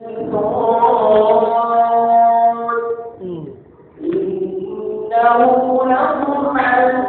قال إنه لهم عدو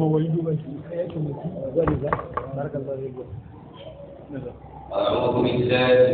ما هو يدوب ولذا بارك الله فيك أعوذ بالله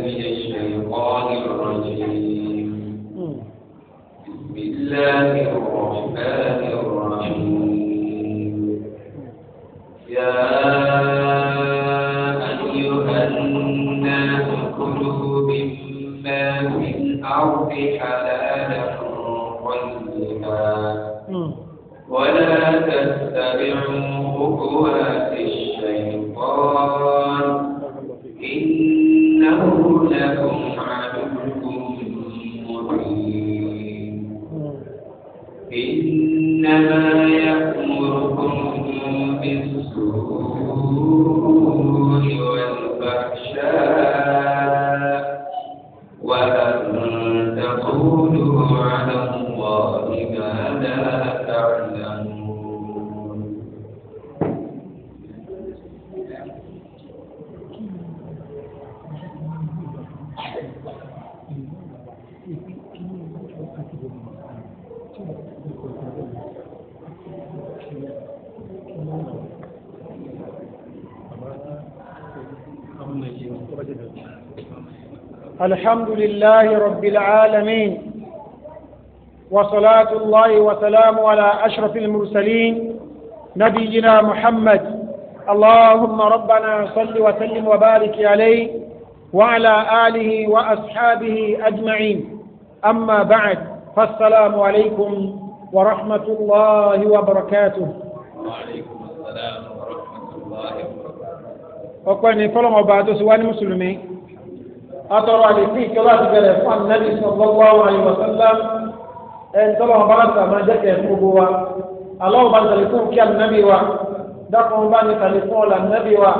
لله رب العالمين وصلاة الله وسلام على أشرف المرسلين نبينا محمد اللهم ربنا صل وسلم وبارك عليه وعلى آله وأصحابه أجمعين أما بعد فالسلام عليكم ورحمة الله وبركاته وعليكم السلام ورحمة الله وبركاته وكوني فلما بعد سواني مسلمين atọrọ àdìsí ìkẹlẹ àtìbẹrẹ fún anabi sọlọgbọ àwọn àyùwọsọlá ẹn tọrọ ọba láti àmà jẹkẹ fún gbogbo wa aláwọ bá tẹlẹ fún kí anabi wa dákun bá ní tẹlẹ fún ọlà anabi wa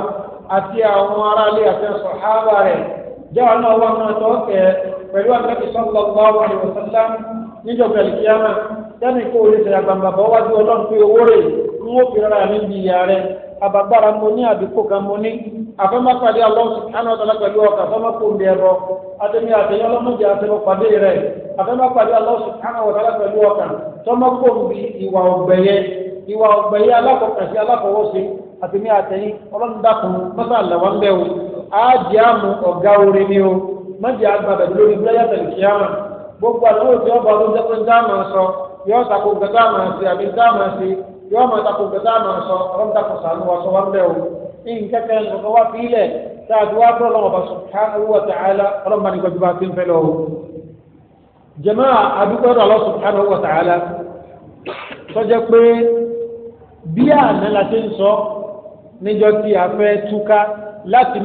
àti àwọn aráàlú àti sọhábà rẹ jáwọ náà wà náà tọ kẹ pẹ̀lú anabi sọlọgbọ àwọn àyùwọsọlá níjọ pẹ̀lú kíámà yẹn ni kò lè tẹlẹ àgbàǹgbà bọ wájú Ọlọ́run pé owó rẹ̀ ń wó fi rárá mi di ìyá rẹ̀ àbàgbára mo ní àdúgbò kan mo ní àfẹ́mọ́pàdé Allah subhanahu wa ta'ala pẹ̀lú ọkà fẹ́mọ́pòǹdé ẹ̀rọ adémi àtẹ̀yẹ́ ọlọ́mọdé àfẹ́mọ́pàdé rẹ̀ àfẹ́mọ́pàdé Allah subhanahu wa ta'ala pẹ̀lú ọkà tọ́mọ́pòǹdé ìwà ọ̀gbẹ̀yẹ ìwà ọ̀gbẹ̀yẹ alákọ̀ọ́kàsí alákọ̀ọ́wọ́sí àtẹ̀mí àtẹ̀yìn ọlọ́ndàkùn mọ́tà àlàwà ń bẹ̀ o áàdì àmú ọ̀gá orin ni o mọ́jì àgbàdàn lórí bíláyà tẹ̀lifíàmà gbogbo àdúgbò tí ọba ọdún tẹ́tẹ́ ń dáàmà sọ yọ ọ́ sàkó gbẹ̀dá àmà sí àbí dáàmà sí yọ ọmọ takò o a dùn wá bọ́ ọlọ́run ọba subhanahu wa ta'ala ọlọ́run bá ní gbẹdú bá o. jẹ̀mọ́ Allah subhanahu wa ta'ala pé bí la sọ níjọ́ tí a fẹ́ túká láti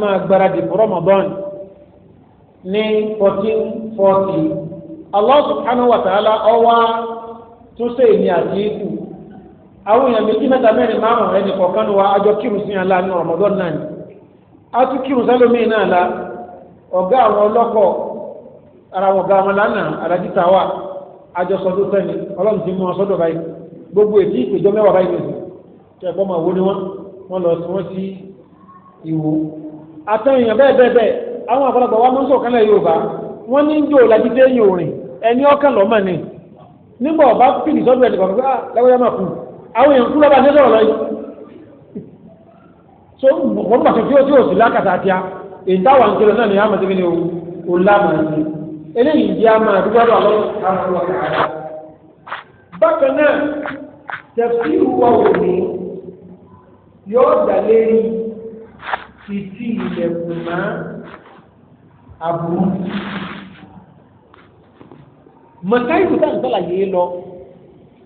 fourteen Allah subhanahu wa ta'ala àwọn èèyàn méjì mẹ́ta mẹ́rin márùn ẹni kọ̀ọ̀kan wa àjọ kírun sí yàn láàrin Ramadan náà ni a tún kírun sẹ́lómìn náà la ọ̀gá àwọn ọlọ́kọ̀ ara wọn ọ̀gá wọn lánàá alájíta wa àjọ sọdún sẹ́ni ọlọ́run ti mú wọn sọ́dọ̀ báyìí gbogbo ètí ìpèjọ mẹ́wàá báyìí nìyí tẹ ẹ̀kọ́ máa wo ni wọ́n wọ́n lọ sí wọ́n sí ìwò àtẹ̀yìn bẹ́ẹ̀ bẹ́ẹ̀ bẹ́ẹ̀ àwọn àpọ̀lọpọ̀ wa mọ́sọ̀ kan lẹ̀ ni nígbà ọba pìlì sọ́dọ̀ àwọn èèyàn kúrò bá dé sọ̀rọ̀ lọ́yìn so wọ́n mọ̀ tí ó tí ó sì lákàtà àti a ìtawà ń kéré náà ni a mọ̀ sí ní o lámà ní eléyìí jẹ́ a máa dúpẹ́ lọ lọ́wọ́ àwọn ọ̀rọ̀ àrà bákan náà tẹ̀sí ìwọ òní yóò dà lérí títí ilẹ̀kùn máa àbúrú mọ̀ká ìlú tá à ń lọ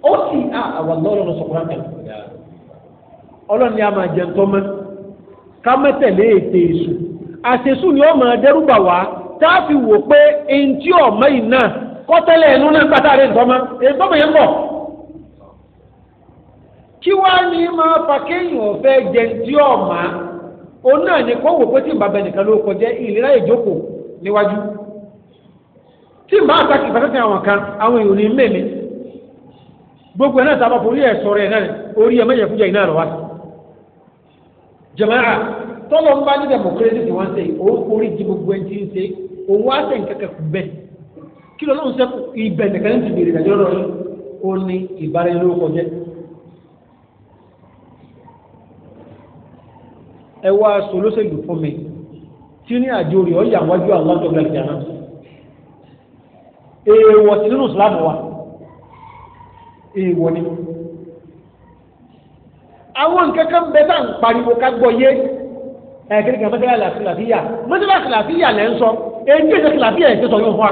ó sì á àwọn ọlọ́run sọ̀kúrà kan ọlọ́run ni a máa jẹun tó mọ́ ká mẹ́tẹ̀lé ètè èṣù àṣesù ni ó máa dẹ́rùbà wá fi wò pé ẹni tí yìí náà kọ́tẹ́lẹ̀ ẹnu náà gbàtà rẹ̀ ntọ́mọ́ èyí tó bẹ̀yẹ̀ ń bọ̀ kí wàá ní máa fa kéèyàn ọ̀fẹ́ jẹun tí ọ̀ma òun náà ni kó wò pé tí bàbá ẹnìkan ló kọjá ìlera ìjókòó níwájú tí gbogbo ẹ̀nà sábà forí ẹ̀ sọ̀rọ̀ ẹ̀ náà orí ẹ̀ mẹ́yẹ̀ fújà iná àrọ̀wá jẹ̀máà tọ́lọ̀ ń bá ní democracy tí wọ́n ń ṣe orí di gbogbo ẹni tí ń ṣe òun á sẹ̀yìn kẹ̀kẹ́ kù bẹ́ẹ̀ kí ló lóun sẹ́kù ibẹ̀ nìkan ní ti bèrè ìdájọ́ lọ yìí ó ní ìbánilórúkọ jẹ́ ẹ wá aṣọ olóṣèlú fún mi tí ní àjò rẹ̀ ọ̀yà wájú àwọn ọjọ́ gbàgbé àná èèwọ̀ sí nínú ìsìlámù wa èèwọ̀ eh, ni. àwọn nǹkan kan bẹ tá à ń pariwo ká gbọ́ yé ẹ̀ẹ́dẹ́gbẹ̀rún kan mọ́tẹ́lá kìlàfíà mọ́tẹ́lá kìlàfíà lẹ́ ń sọ èyí èdè kìlàfíà ẹ̀ ti sọ yóò fún wa.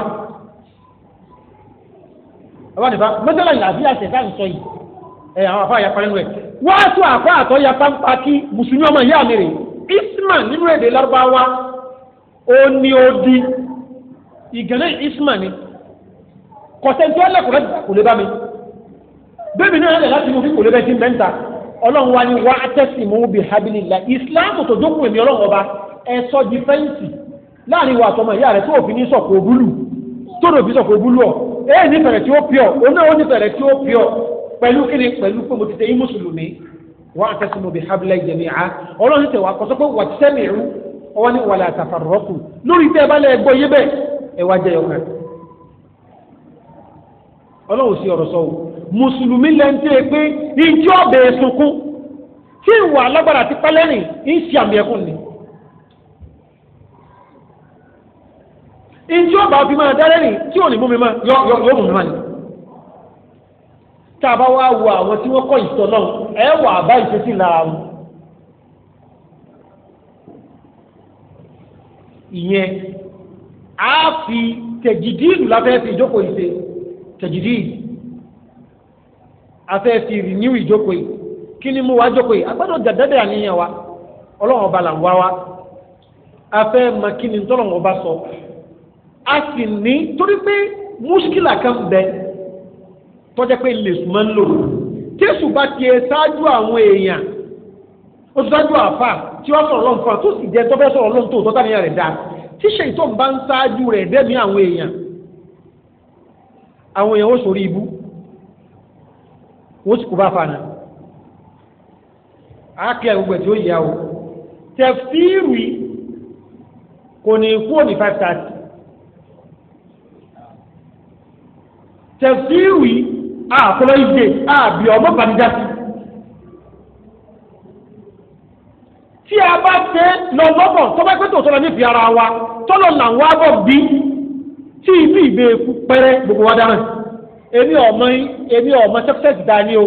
àwọn àdìbá mọ́tẹ́lá kìlàfíà ṣẹ̀ tá à ń sọ yìí ẹ̀ àwọn àfa àyàpá nínú ẹ̀ wá tó àfa àtọ́ ya pampa kí mùsùlùmí ọmọ ìyá mi bẹ́ẹ̀ni náà lè láti mú fífò lébẹ́ sí mẹ́ta ọlọ́run wa ni wá tẹ́sí mú bi habilillah ìsìláàmù tó dókun èmi ọlọ́run ọba ẹ̀sọ́ difẹ́ǹsì láàrin wa àtọmọ ìyá rẹ̀ tó òfin ní sọ̀kò búlù tó dòbí sọ̀kò búlù ọ̀ ẹ̀ ní fẹ̀rẹ̀ tí ó pìọ̀ oná ó ní fẹ̀rẹ̀ tí ó pẹ̀lú kíni pẹ̀lú pé mo ti tẹ̀yìn mùsùlùmí wá tẹ́sí mú bi ọlọ́run tẹ̀ wá kọ́ mùsùlùmí lẹ́ńtẹ́ pé ìjọ ọ̀bẹ̀ sunkún tí ìwà alágbára ti pẹ́lẹ́rìn ń ṣe àmì ẹ̀kún ni. ìjọ ọba fi máa dárẹ́rìn tí ò ní mú mi máa yọ yọ mú mi máa ni. tá a bá wá wo àwọn tí wọ́n kọ́ ìtọ́ náà ẹ wà bá ìṣesí lára wọn. ìyẹn a fi tẹ̀jìdìlù láfẹ́ fi ìjókòó ìṣe tẹ̀jìdìlù afẹ́ fi renew ìjókòó yìí kí ni mo wá jókòó yìí agbọ́dọ̀ gàdádẹ́ àníyàn wa ọlọ́run ọba là ń wá wa afẹ́ mọ kí ni tọ́lọ́run ọba sọ a sì ní torí pé múṣkìlà kan bẹ tọ́jà pé lè sùn máa ń lò jésù bá tiẹ̀ ṣáájú àwọn èèyàn ó ti ṣáájú àáfà tí wọ́n sọ̀rọ̀ lọ́nfà tó sì jẹ́ tọ́fẹ́ sọ̀rọ̀ lọ́n tó tọ́tà rẹ̀ dáa tíṣe ìtọ́ bá ń ṣáájú rẹ̀ dẹ́mi àwọn èèyàn àwọn èèyàn ó sòrí ibú wọ́n sì kú bá fana àákẹ́ gbogbo ẹ̀ tí ó yà o tẹ̀fíìrì kò ní kú òní five thirty tẹ̀fíìrì àkọlọ́ ìdè àbí ọmọ bàmídá sí. tí a bá tẹ lọ́lọ́bọ̀ tó bá pẹ́ tó sọ̀rọ̀ wa tọ́lọ̀ làwọn abọ́ bí tí ibi ìbẹ̀ẹ́kú pẹ́rẹ́ gbogbo wa dáhùn èmi ọmọ èmi ọmọ success dání o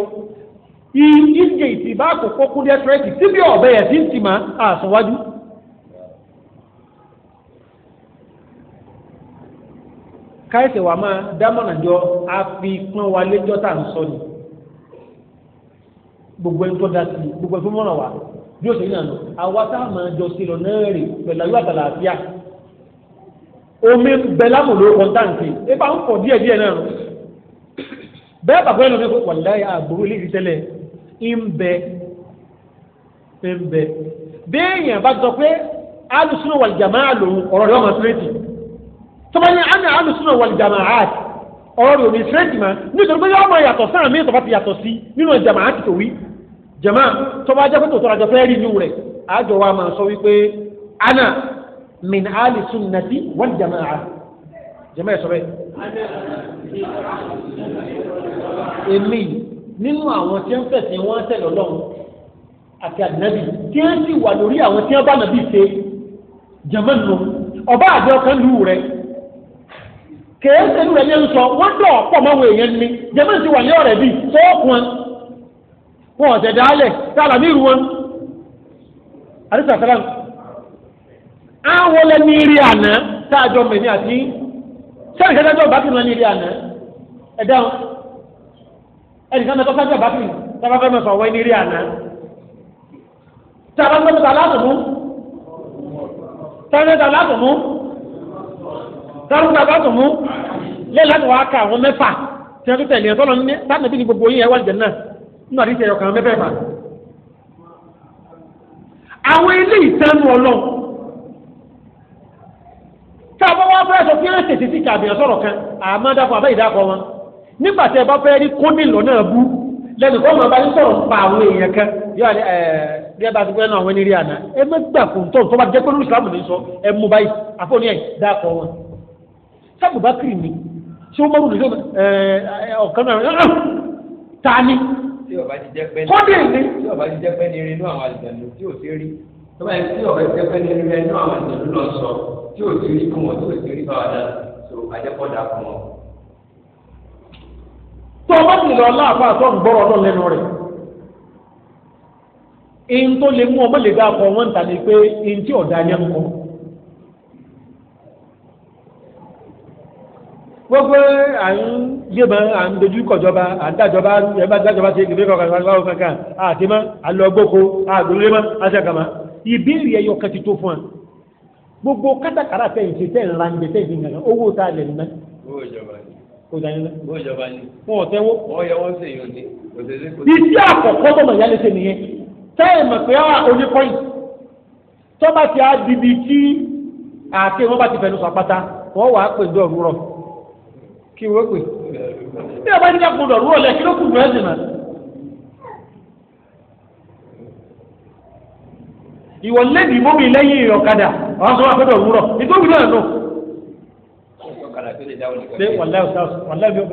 ìdíje ìtìbá àkókò kúndé tírẹ́kì síbi ọ̀bẹ yẹn tí ń tì máa àsọwájú. káyọ̀sẹ̀ wa máa dámọ̀nà jọ àfipọ́n wa lẹ́jọ́ tá à ń sọ ni gbogbo ẹni tó da sí gbogbo ẹni tó mọ̀nà wa bí ó ṣe ní àná àwa tá a máa jọ sí lọ náà rè pẹ̀lú ayé àtàlà àfíà omi bẹ̀lámù ló kọ́ ẹ bá ń pọ̀ díẹ̀díẹ̀ náà bẹ́ẹ̀ bàbá yẹn lọ fẹ́ wàláyà àgbòrò ilé ìtẹ́lẹ̀ ń bẹ ń bẹ béèyàn bá sọ pé alùsùnà wàlìjàmá lòun ọ̀rọ̀ rẹ̀ ọmọ sírẹ́tì tọ́ba ní àná alùsùnà wàlìjàmá àti ọ̀rọ̀ rẹ̀ omi sírẹ́tì mà nítorí pé yọ ọmọ yàtọ̀ sáà mí tọ́ba ti yàtọ̀ sí nínú jàmá àti tòwí jàmá tọ́ba jẹ́ pẹ́tò tọ́ra jọ fẹ́ rí inú rẹ̀ àjọ wa máa sọ wípé min jàmá ẹ̀ sọ bẹ́ẹ̀ èmi nínú àwọn tí wọ́n fẹ̀sìn wọn tẹ̀lé ọlọ́run àti ànábì tí wọ́n sì wà lórí àwọn tí wọ́n bá nàbì ṣe jẹ̀mọ́ ọba àjọ kan lù rẹ̀ kèé sẹ́nu rẹ̀ ní ń sọ wọ́n dọ̀ ọ̀pọ̀ mọ́wọ́ èèyàn ni jẹ́mọ́ sí wà ní ọ̀rẹ́ sọ́ọ̀kùn wọn ọ̀sẹ̀ dálẹ̀ wọn. àwọn lẹni rí àná tá a jọ mẹ́ni àti sẹ́yìn kẹta tó bàtìrì lọ ní ilé àná ẹ̀dá wọn ẹnì kan mẹ́tọ́ sájọ́ bàtìrì tábà fẹ́ mẹ́fà wọ́n ní ilé àná tábà fẹ́ mẹ́fà látùmú tábà mẹ́fà látùmú tábà mẹ́fà látùmú lẹ́yìn láti wàá ka àwọn mẹ́fà tí wọ́n tún tẹ̀lé ẹ̀tọ́ lọ ní tábìlì ní gbogbo yín ẹ̀ wọ́n jẹ̀ náà nínú àdìsẹ́ ọ̀kan mẹ́fẹ̀ẹ̀fà àwọn ilé ìtẹ́nu ọlọ́run tá a bá wá fẹ́ sọ fílẹ̀ tètè sí tàbí ọ̀sọ̀rọ̀ kan àmọ́ dákọ̀ àbẹ́ ìdákọ̀ wọn nígbà tẹ́ bá fẹ́ rí kónílò náà bú lẹ́nu kọ́ máa bá ní sọ̀rọ̀ pa àwọn èèyàn kan yóò ẹ bí ẹ bá ti gbé náà wọn ní rí àná ẹ mẹ́ gbà kó tó tó bá jẹ́ pé lùsùlámù ní sọ ẹ mú báyìí àfọ̀ní ẹ̀ dákọ̀ wọn. sábà bá kiri ni ṣé ó mọ̀rù nìyẹn ọ̀kan náà ta ni. tí tó bá yẹ kí ọ̀rẹ́ tẹ́fẹ́ ní ẹni ẹni àwọn ìlú lọ sọ tí ò ti rí fún wọn tí ò ti rí bá wọn náà tó fún wọn. tó o bá ti lọ láàfà tó ń gbọ́rọ̀ lẹ́nu rẹ̀ ihun tó lè mú lè dá gbogbo à ń dojú kọjọba à ń ìbéèrè ẹyọ kan ti tó fún wa gbogbo kátàkárà tẹ̀ ń ṣe tẹ̀ ń ra ń bẹ tẹ̀ ń gbìyànjú owó tá a lẹ̀ ń ná. owó ni owó ìjọba ni. wọn ò tẹ́wọ́. wọ́n yẹ wọ́n sèyàn ní. iṣẹ́ àkọ́kọ́ tó mọ̀ yálé ṣe nìyẹn tẹ́ẹ̀ mọ̀ pé oníkọ́yìn tọ́ba ti á di bi kí àti wọn bá ti fẹnu ìwọ lẹ́bi mọ́bi lẹ́yìn ọ̀kadà àwọn sọ wà pẹ́tọ̀ òwúrọ̀ nítorí náà nù. ṣé wàláyé ní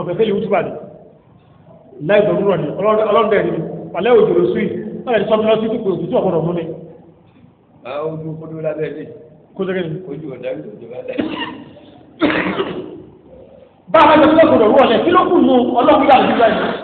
ọ̀fẹ́ fẹ́lẹ̀ wútúbà ni láì dọ̀rúrọ̀ ni ọlọ́dẹ ni wàláyé òjòrò sùn ọ̀rẹ́ ti sọ́mi lọ sí pípé òtútù ọ̀pọ̀lọ̀ mú mi. ojú kodo lábẹ́ mi. kodo kẹ́ni. ojú ọ̀dà mi lòdì wá dẹ̀. bá a bá jọ kí ló kodo rú ọ̀lẹ̀ kí ló kù nù ọlọ́kùnrin àti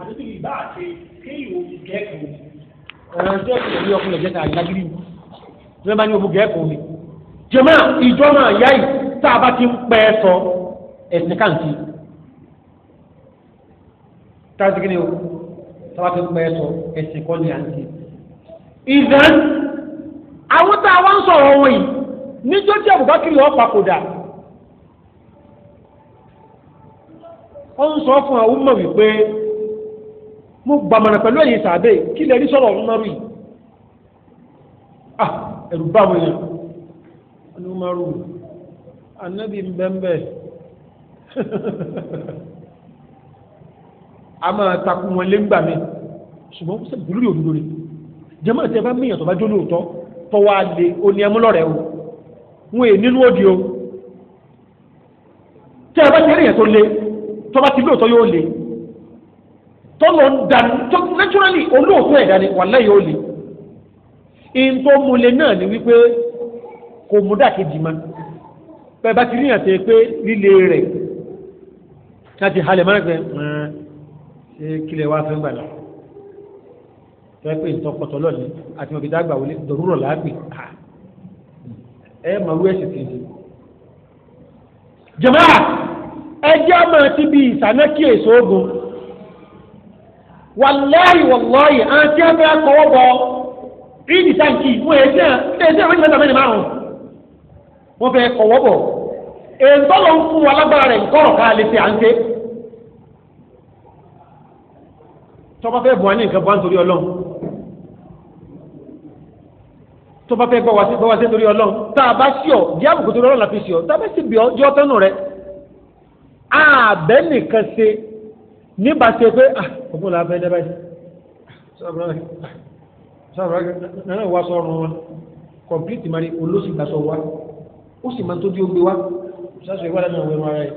àtúntò ìbá àti kéèyàn òbí gẹ́ẹ̀kù. ẹ̀rọ ẹjọ́ ìṣẹ̀lẹ̀ ní ọkùnrin ẹ̀jẹ̀ náà lágírí ni wọ́n bá ní òbí gẹ́ẹ̀kù ni. jẹ̀mọ́ ìjọ náà yá yìí tá a bá ti ń pẹ́ sọ ẹ̀sìn káǹtì. táàtì kìíní o tá a bá ti ń pẹ́ sọ ẹ̀sìn kọ́ni àǹtì. ìdán àwọn tá a wá ń sọ̀rọ̀ wọn yìí níjọ́ tí àbùbákiri ọ̀pàkòdà ó ń sọ fún àwọn ọmọ wípé mo gbàmọ̀nà pẹ̀lú ẹ̀yin sàbẹ̀ kí lè rí sọ̀rọ̀ ọ̀húnmọ́rù yìí ah ẹ̀rù bá wọn yẹn ọ̀húnmọ́rù anabi mbẹ́mbẹ́ a máa takun wọn lé ńgbà mi ṣùgbọ́n ó sẹ́ni bùrúdì òdodo rẹ̀ jẹ́mọ́ àti ẹ̀fá míyàn tó bá jó lóòótọ́ tọ́wọ́ àlè oní ẹmúlọ́rẹ̀ o wọn è nínú òdì o tẹ́ ẹ bá ti rí yẹn tó lé tọ́ bá ti lóòótọ́ yóò lé. tọ́lọ̀ ń dànù tó naturally olóòtú ẹ̀dá ni wà lẹ́yìn ó le tó náà ni wípé kò mú dàkejì mọ́ bá ti rí àtẹ pé líle rẹ̀ láti halẹ̀ mọ́ra pé ṣé kílẹ̀ wá fẹ́ gbàdá fẹ́ pé lọ́ọ̀ni àti wọlé ẹ wàláyì wàláyì àwọn tí wọn fẹ́ kọ́wọ́ bọ ìdí táǹkì wọn èyí náà ilé ẹjẹ wọn ní mẹ́ta mẹ́rin márùn wọn fẹ́ kọ́wọ́ bọ èntọ́ ló ń fún wa lágbára rẹ̀ nkọ́rọ̀ ká lè fi à ń ké tọ́ba fẹ́ bùn wá ní nǹkan bọ́ nítorí ọlọ́run tọ́ba fẹ́ gbọ́ wá sí gbọ́ sí nítorí ọlọ́run tá a bá sí ọ bí àbùkù tó la fi sí ọ tá a bá sì bí ọ jọ́ tọ́nù rẹ̀ àbẹ́ nìkan ṣe nígbà tí o pé ọgbọ́n ah, la bẹ́ẹ̀ dẹ́bẹ́ ah, sọ́ọ̀rọ̀ ah, náà wá sọ́ọ̀rọ̀ wọn kọ̀m̀pìlìtì mari olóṣì gbàsọ wa ó sì máa tó bí ó gbé wa sọ́ọ̀rọ̀ ìwádà náà wẹ̀rù ara ẹ̀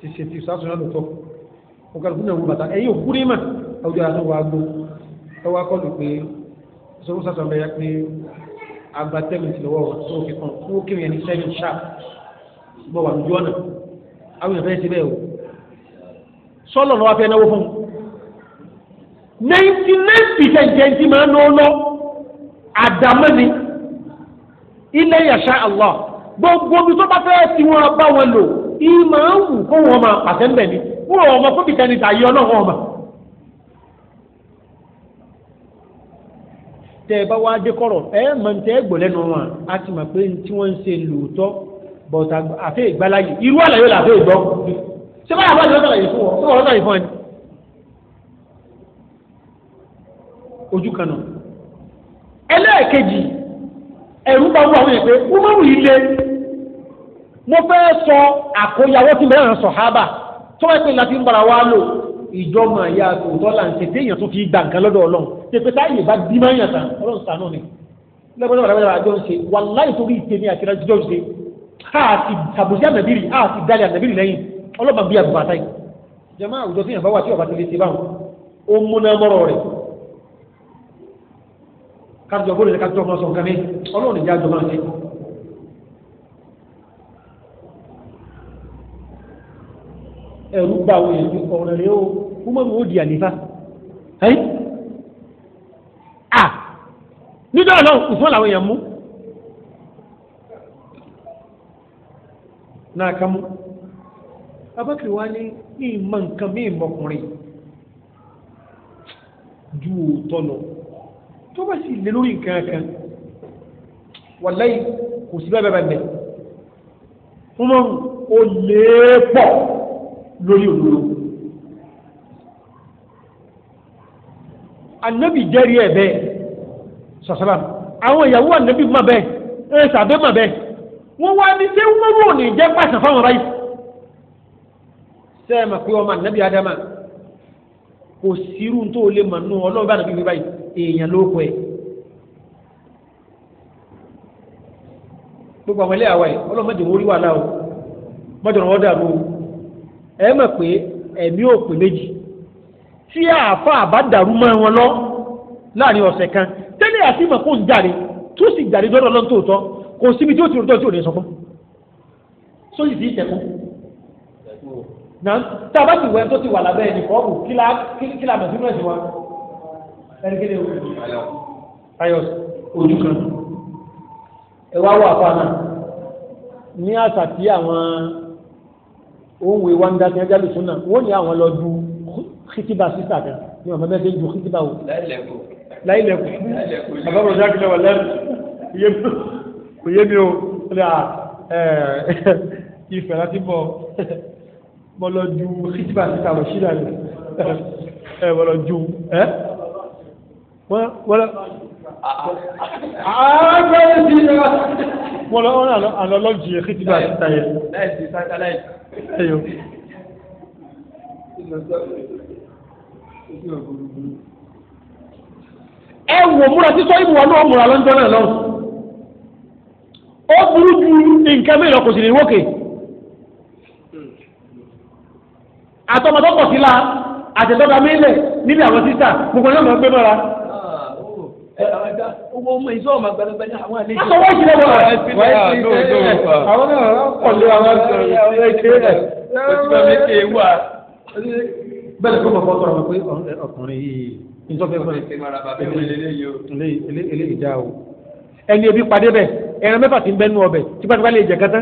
ti ṣe ti sọ́ọ̀rọ̀ náà lòótọ́ ọ̀gálùkù náà wù bàtà ẹ̀yìn òkú ní mà àwùjọ àti wà gbó ẹ wá kọ́ lù pé sọ́wọ́n sàtọ̀ bẹ́ẹ̀ yá pé àgbà tẹ́mìtì lọ́wọ́ wọn tó fi kàn fún kí sọ́lọ̀ ní wọ́n fẹ́ náwó fún un ninety nine percent jẹ́ntì máa ń lọ́ọ́ àdámọ́ ni ilé yàtsá Allah gbogbo bí tó bá fẹ́ ti wọn bá wọn lò ìmọ̀ ń wù kó wọn máa pàṣẹ ńbẹ̀ ni wọ́n ọmọ fún bìtẹ́ ni tàyé ọlọ́run ọmọ. tẹ́ ẹ bá wá dé kọ̀rọ̀ ẹ mọ̀ ní tẹ́ ẹ gbọ́ lẹ́nu wọn a ti mọ̀ pé tí wọ́n ń ṣe lòótọ́ bọ̀tà àfẹ́ ìgbàláyè irú àlàyé làfẹ́ ìgbọ́ ṣé báyà bá ìjọba sàlàyé fún ọ fún ọ̀rọ̀ sàlàyé fún ẹni. ojú kan náà ẹlẹ́ẹ̀kejì ẹ̀rú bá wù àwọn yẹn pé wọ́n mọ̀ wù ilé mo fẹ́ sọ àkóyawọ́ tí mẹ́rin sọ hábà tó wáyé pé láti ń bara wá lò ìjọba ìyá tòótọ́ là ń ṣe téèyàn tó fi gbà nǹkan lọ́dọ̀ ọlọ́run tètè táyè bá bí máa ń yàtà ọlọ́run sànú ni lẹ́gbẹ́dọ́ bàbá àjọ ń ṣe wàláì torí ìtẹ̀mí àti ìrẹ́jọ́ ń ṣe a ti tàbùsí àmẹ́bírì a ti dálé àmẹ́bírì lẹ́yìn ọlọ́pàá bí àgbàtà yìí jama àwùjọ tí yànfà wà tí ọba ti lè ti báwọn ó múná mọ́rọ̀ rẹ̀ kájọ bó lè kájọ máa sọ nǹkan ní ọlọ́run ìjà àjọ máa ṣe. ẹ̀rú gba àwọn èèyàn ọ̀rọ̀ rẹ̀ ó kú mọ́ mi ó di àlífà ẹ́yìn à nígbà náà ìfọ́n làwọn èèyàn mú náà ká mú abákiri wa ní ní ìmọ̀ nǹkan mí ìmọ̀kùnrin ju òótọ́ lọ tó bá sì lé lórí nǹkan kan wàláyé kò sí bẹ́ẹ̀ bẹ́ẹ̀ bẹ́ẹ̀ wọ́n máa ń o lè pọ̀ lórí òdodo. anabi jẹ́rìí ẹ̀ bẹ́ẹ̀ sọ̀sọ́lá àwọn ìyàwó anabi má bẹ́ẹ̀ ẹ̀ sàbẹ́ má bẹ́ẹ̀ wọ́n wá ní sẹ́wọ́n wò ní jẹ́ pàṣẹ fáwọn báyìí sẹ́ẹ̀mà pé ọmọ ànábì ádámà kò sírú tó lè mọ̀ nù ọlọ́run bá nàbí wí báyìí èèyàn ló kọ ẹ̀. gbogbo àwọn ilé àwa ẹ̀ ọlọ́run mọ̀jọ̀ wọ́n wàhálà o mọ̀jọ̀ wọ́n dàrú o ẹ mọ̀ pé ẹ̀mí ò pè méjì tí àáfà bá dàrú mọ́ wọn lọ láàrin ọ̀sẹ̀ kan tẹ́lẹ̀ àti ìmọ̀ kó ń jáde tó sì jáde lọ́dọ̀ lọ́n tó tọ́ kò síbi tí ó ti rò tó ti rò náà tá a bá ti wẹ̀ tó ti wà lábẹ́ ẹni kọ́ wù kílá kílá mẹ̀sí mẹ̀sí wa ẹni kéde wù. ayọ̀ ojú kan ẹ wá wà fún náà ní àṣà tí àwọn ohun ìwé wa ń dá sí ẹjẹ́ lùsùn náà wọ́n ní àwọn lọ du kìtìbà sísà kan ní ọ̀mọ bẹ́ẹ̀ ju kìtìbà wò. láìlẹ̀kùn bàbá bàbá jáde lọ wà lẹ́nu kò yé mi o ìfẹ́ láti bọ̀. mo lọ ju hitba síta lọ sí ìlànà ẹ mo lọ ju ẹ wọ́n lọ àgbẹ̀rẹ̀ sí i mo lọ ọ̀rọ̀ àlọ́ lọ́jì hitba síta yẹn. láìsí sátáláìtì. ẹyọ. ẹ wò múra sísọ ìbùwọ̀ náà múra lọ́jọ́ náà lọ́wọ́ ó burú ju nǹkan mìíràn kò sì ní wókè. àtọmọdọ́pọ̀ sí la àtẹ̀tọ́ta mílẹ̀ níbi àwọn sísà gbogbo náà máa ń gbé mọ́ra. owó ọmọ ìṣó ọmọ gbẹdẹgbẹ ní àwọn àlejò. aṣọ wọ́n ìṣẹ̀lẹ̀ wọn. àwọn náà kọ̀lé àwọn ẹ̀kẹ́ rẹ̀. bẹ́ẹ̀ ló kọ́ sọ̀rọ̀ pé ọkùnrin yìí nítorí fún mi eléyìí já o. ẹni ebi padé bẹ ẹran mẹ́fà ti ń bẹ́nu ọbẹ̀ tipátipá lè jẹ kẹta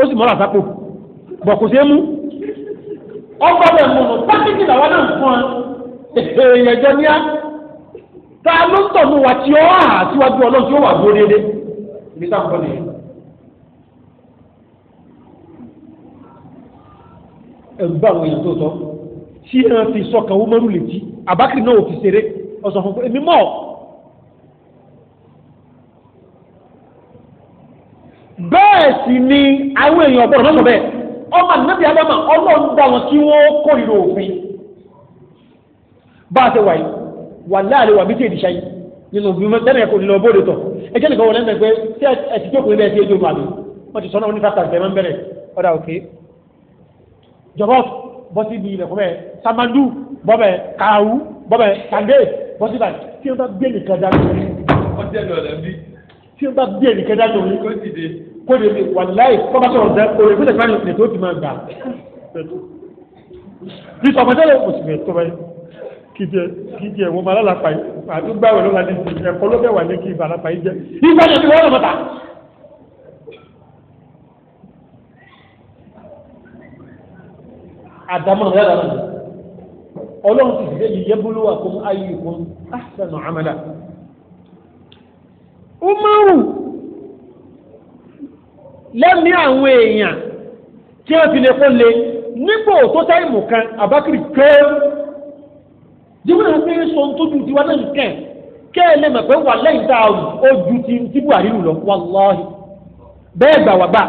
ó sì mọ́ra sápò bọ̀ kò sí mú ọgbà bẹ̀ mú un pákíkì làwọn náà ń fún ọ èèyàn jẹ níyà tá a ló ń tọ̀nù wa tí ó hà síwájú ọlọ́run tí ó wà dúró déédéé ibi tá a kọ́ nìyẹn. ẹ̀rù bá àwọn èèyàn tó sọ tí ẹ fi sọkàn wọn mọ́rù létí àbákìrì náà ò fi ṣeré ọ̀sán fún èmi mọ́ bẹ́ẹ̀ sì ni àwọn èèyàn ọ̀pọ̀ ọ̀nà sọ bẹ́ẹ̀ ọmọ ànábì adama ọlọ́run dá wọn kí wọ́n kó ìrò òfin bá a ṣe wáyé wà láàrin wà bí tí èdè ṣáyé nínú bí mo tẹ́lẹ̀ kò lọ bóde tọ̀ ẹjẹ́ nìkan wọlé ẹgbẹ́ tí ẹ ti jókòó níbẹ̀ tí ejò màmí wọ́n ti sọ náà ní fásitì àgbẹ̀ máa ń bẹ̀rẹ̀ ọ̀dà òkè jọ̀bọ́ bọ́ sí ibi ilẹ̀kùn bẹ́ẹ̀ samadu bọ́bẹ̀ kàáwú bọ́bẹ̀ kàndé bọ́ sí báyìí tí wọ́n bá gbé nìkan dá lórí. ọ̀dẹ̀ lọ́dẹ̀ kóde mi wàláyé kọ́ba sọ̀rọ̀ dẹ́ kóde bí sẹ́kọ́ ní tó ti máa gbà bí sọ̀rọ̀ sẹ́lẹ̀ òsìmẹ̀ tó bẹ́ẹ̀ kíjẹ kíjẹ wọn máa lálàpà yìí àdúgbà wẹ̀ ló la ní ti ẹ̀kọ́ ló bẹ̀ wà ní kí ibà lápà yìí jẹ́ ibà yẹn ti wọ́n lọ bàtà. àdámọ̀ rẹ̀ rẹ̀ rẹ̀ ọlọ́run ti dìde yìí yẹ́bùlú wà fún ayé ìfún àṣẹ nù àmàlà. ó máa ń rù lẹ́mí àwọn èèyàn tí wọ́n fi lè kó le nípò tó táìmù kan àbákìrì kéwù jẹ́wọ́n náà pé sọ tójú tiwa náà kẹ́ kẹ́ ẹ lẹ́mọ̀ pé wà lẹ́yìn tá a ojú ti ti Buhari lọ wàláhì bẹ́ẹ̀ gbà wà gbà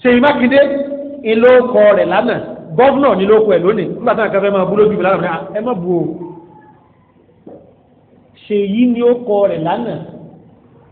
Ṣèyí Mákindé ìlò kọ rẹ̀ lánàá gọ́vnọ̀ ní lóko ẹ̀ lónìí nígbà táwọn kan fẹ́ máa bú lójú ìbílẹ̀ lánàá ẹ má bú o Ṣèyí ni ó kọ rẹ̀ lánàá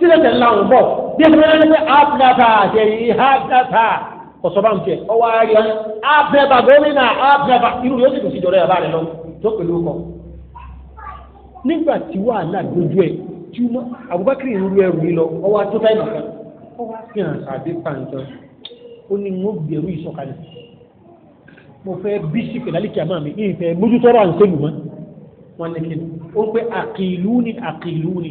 sílẹ̀ tẹ̀ ńlá òun bọ̀ bí ẹgbẹ́ rẹ̀ pé ápùlátà àjẹyí ápùlátà ọ̀sọ́bà ń jẹ ọwọ́ àárẹ̀ ápùlẹ́bà gómìnà ápùlẹ́bà irú yóò sì kò sí yàrá lọ tó pèlú kọ. nígbà tí dojú tí Abubakar ń ẹrù yìí lọ nìkan ó ní mo mi à ń wọn ní kí ni ó àkìlú ni àkìlú ni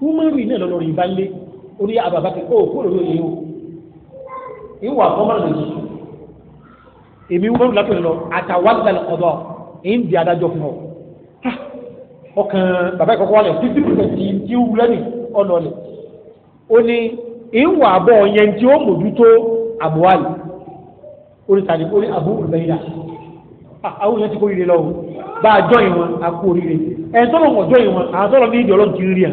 húmẹ́rì náà lọ́nà ìbá lé orí àbàbà kí ó kúrò lórí yìí o ìwà fọ́mọ́rì lè sùn èmi húmẹ́rì látòlè lọ àtàwádà ọ̀dọ́ èyí di adájọ́ fún ọ ọkàn bàbá ìkọ̀kọ̀ wà lẹ̀ fifty percent tí ó wúlẹ́ ní ọ̀nà ọ̀lẹ̀ ó ní ìwà àbọ̀ yẹn tí ó mójútó àbúwálì orí tàbí orí àbú ìbẹ̀yìnà àwọn èèyàn ti kó ire lọ́wọ́ bá a jọ ìwọn àkó oríire ẹ̀ tọ́lọ̀ ọ̀jọ́ ìwọn àwọn tọ́lọ̀ ní ìdí ọlọ́run ti rí rí à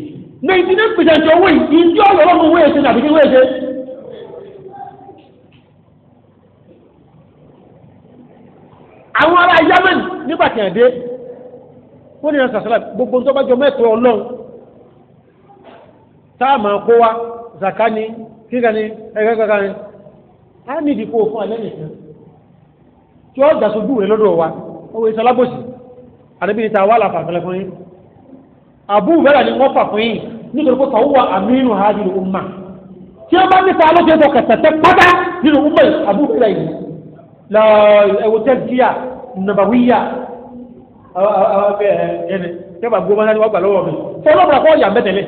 ninety nine percent owó yìí ìdí ọlọ́rọ̀ mú wéèṣe àbíkí wéèṣe. àwọn ará yemen nígbà tí àdé wọ́n ní ìrìn sàṣàlá gbogbo tó bá jọ mẹ́tọ́ ọlọ́run tá a máa kó wa zaka ni kíkà ni ẹgbẹ́ kankan ni a ní ìdìbò fún alẹ́ nìkan tí ó dàsójú rẹ lọ́dọ̀ wa owó ìsalábòsì àdébìnrin ta wà láfàfẹ́lẹ́ fún yín àbúrò bẹ́ẹ̀ ni wọ́n fà fún yín nítorí pé fàwọ́ àmínú hajj ló ma tí wọ́n bá ní ta ló ṣe sọ kẹsẹ̀tẹ̀ pátá nínú umar abúlé yìí lọ ẹwọ tẹ́tíyà nàbàwíyà ẹni tí wọ́n bá gbọ́ mọ́lá ni wọ́n gbà lọ́wọ́ mi fọlọ́mùrà kọ́ ọ̀yà mẹ́tẹ̀lẹ́.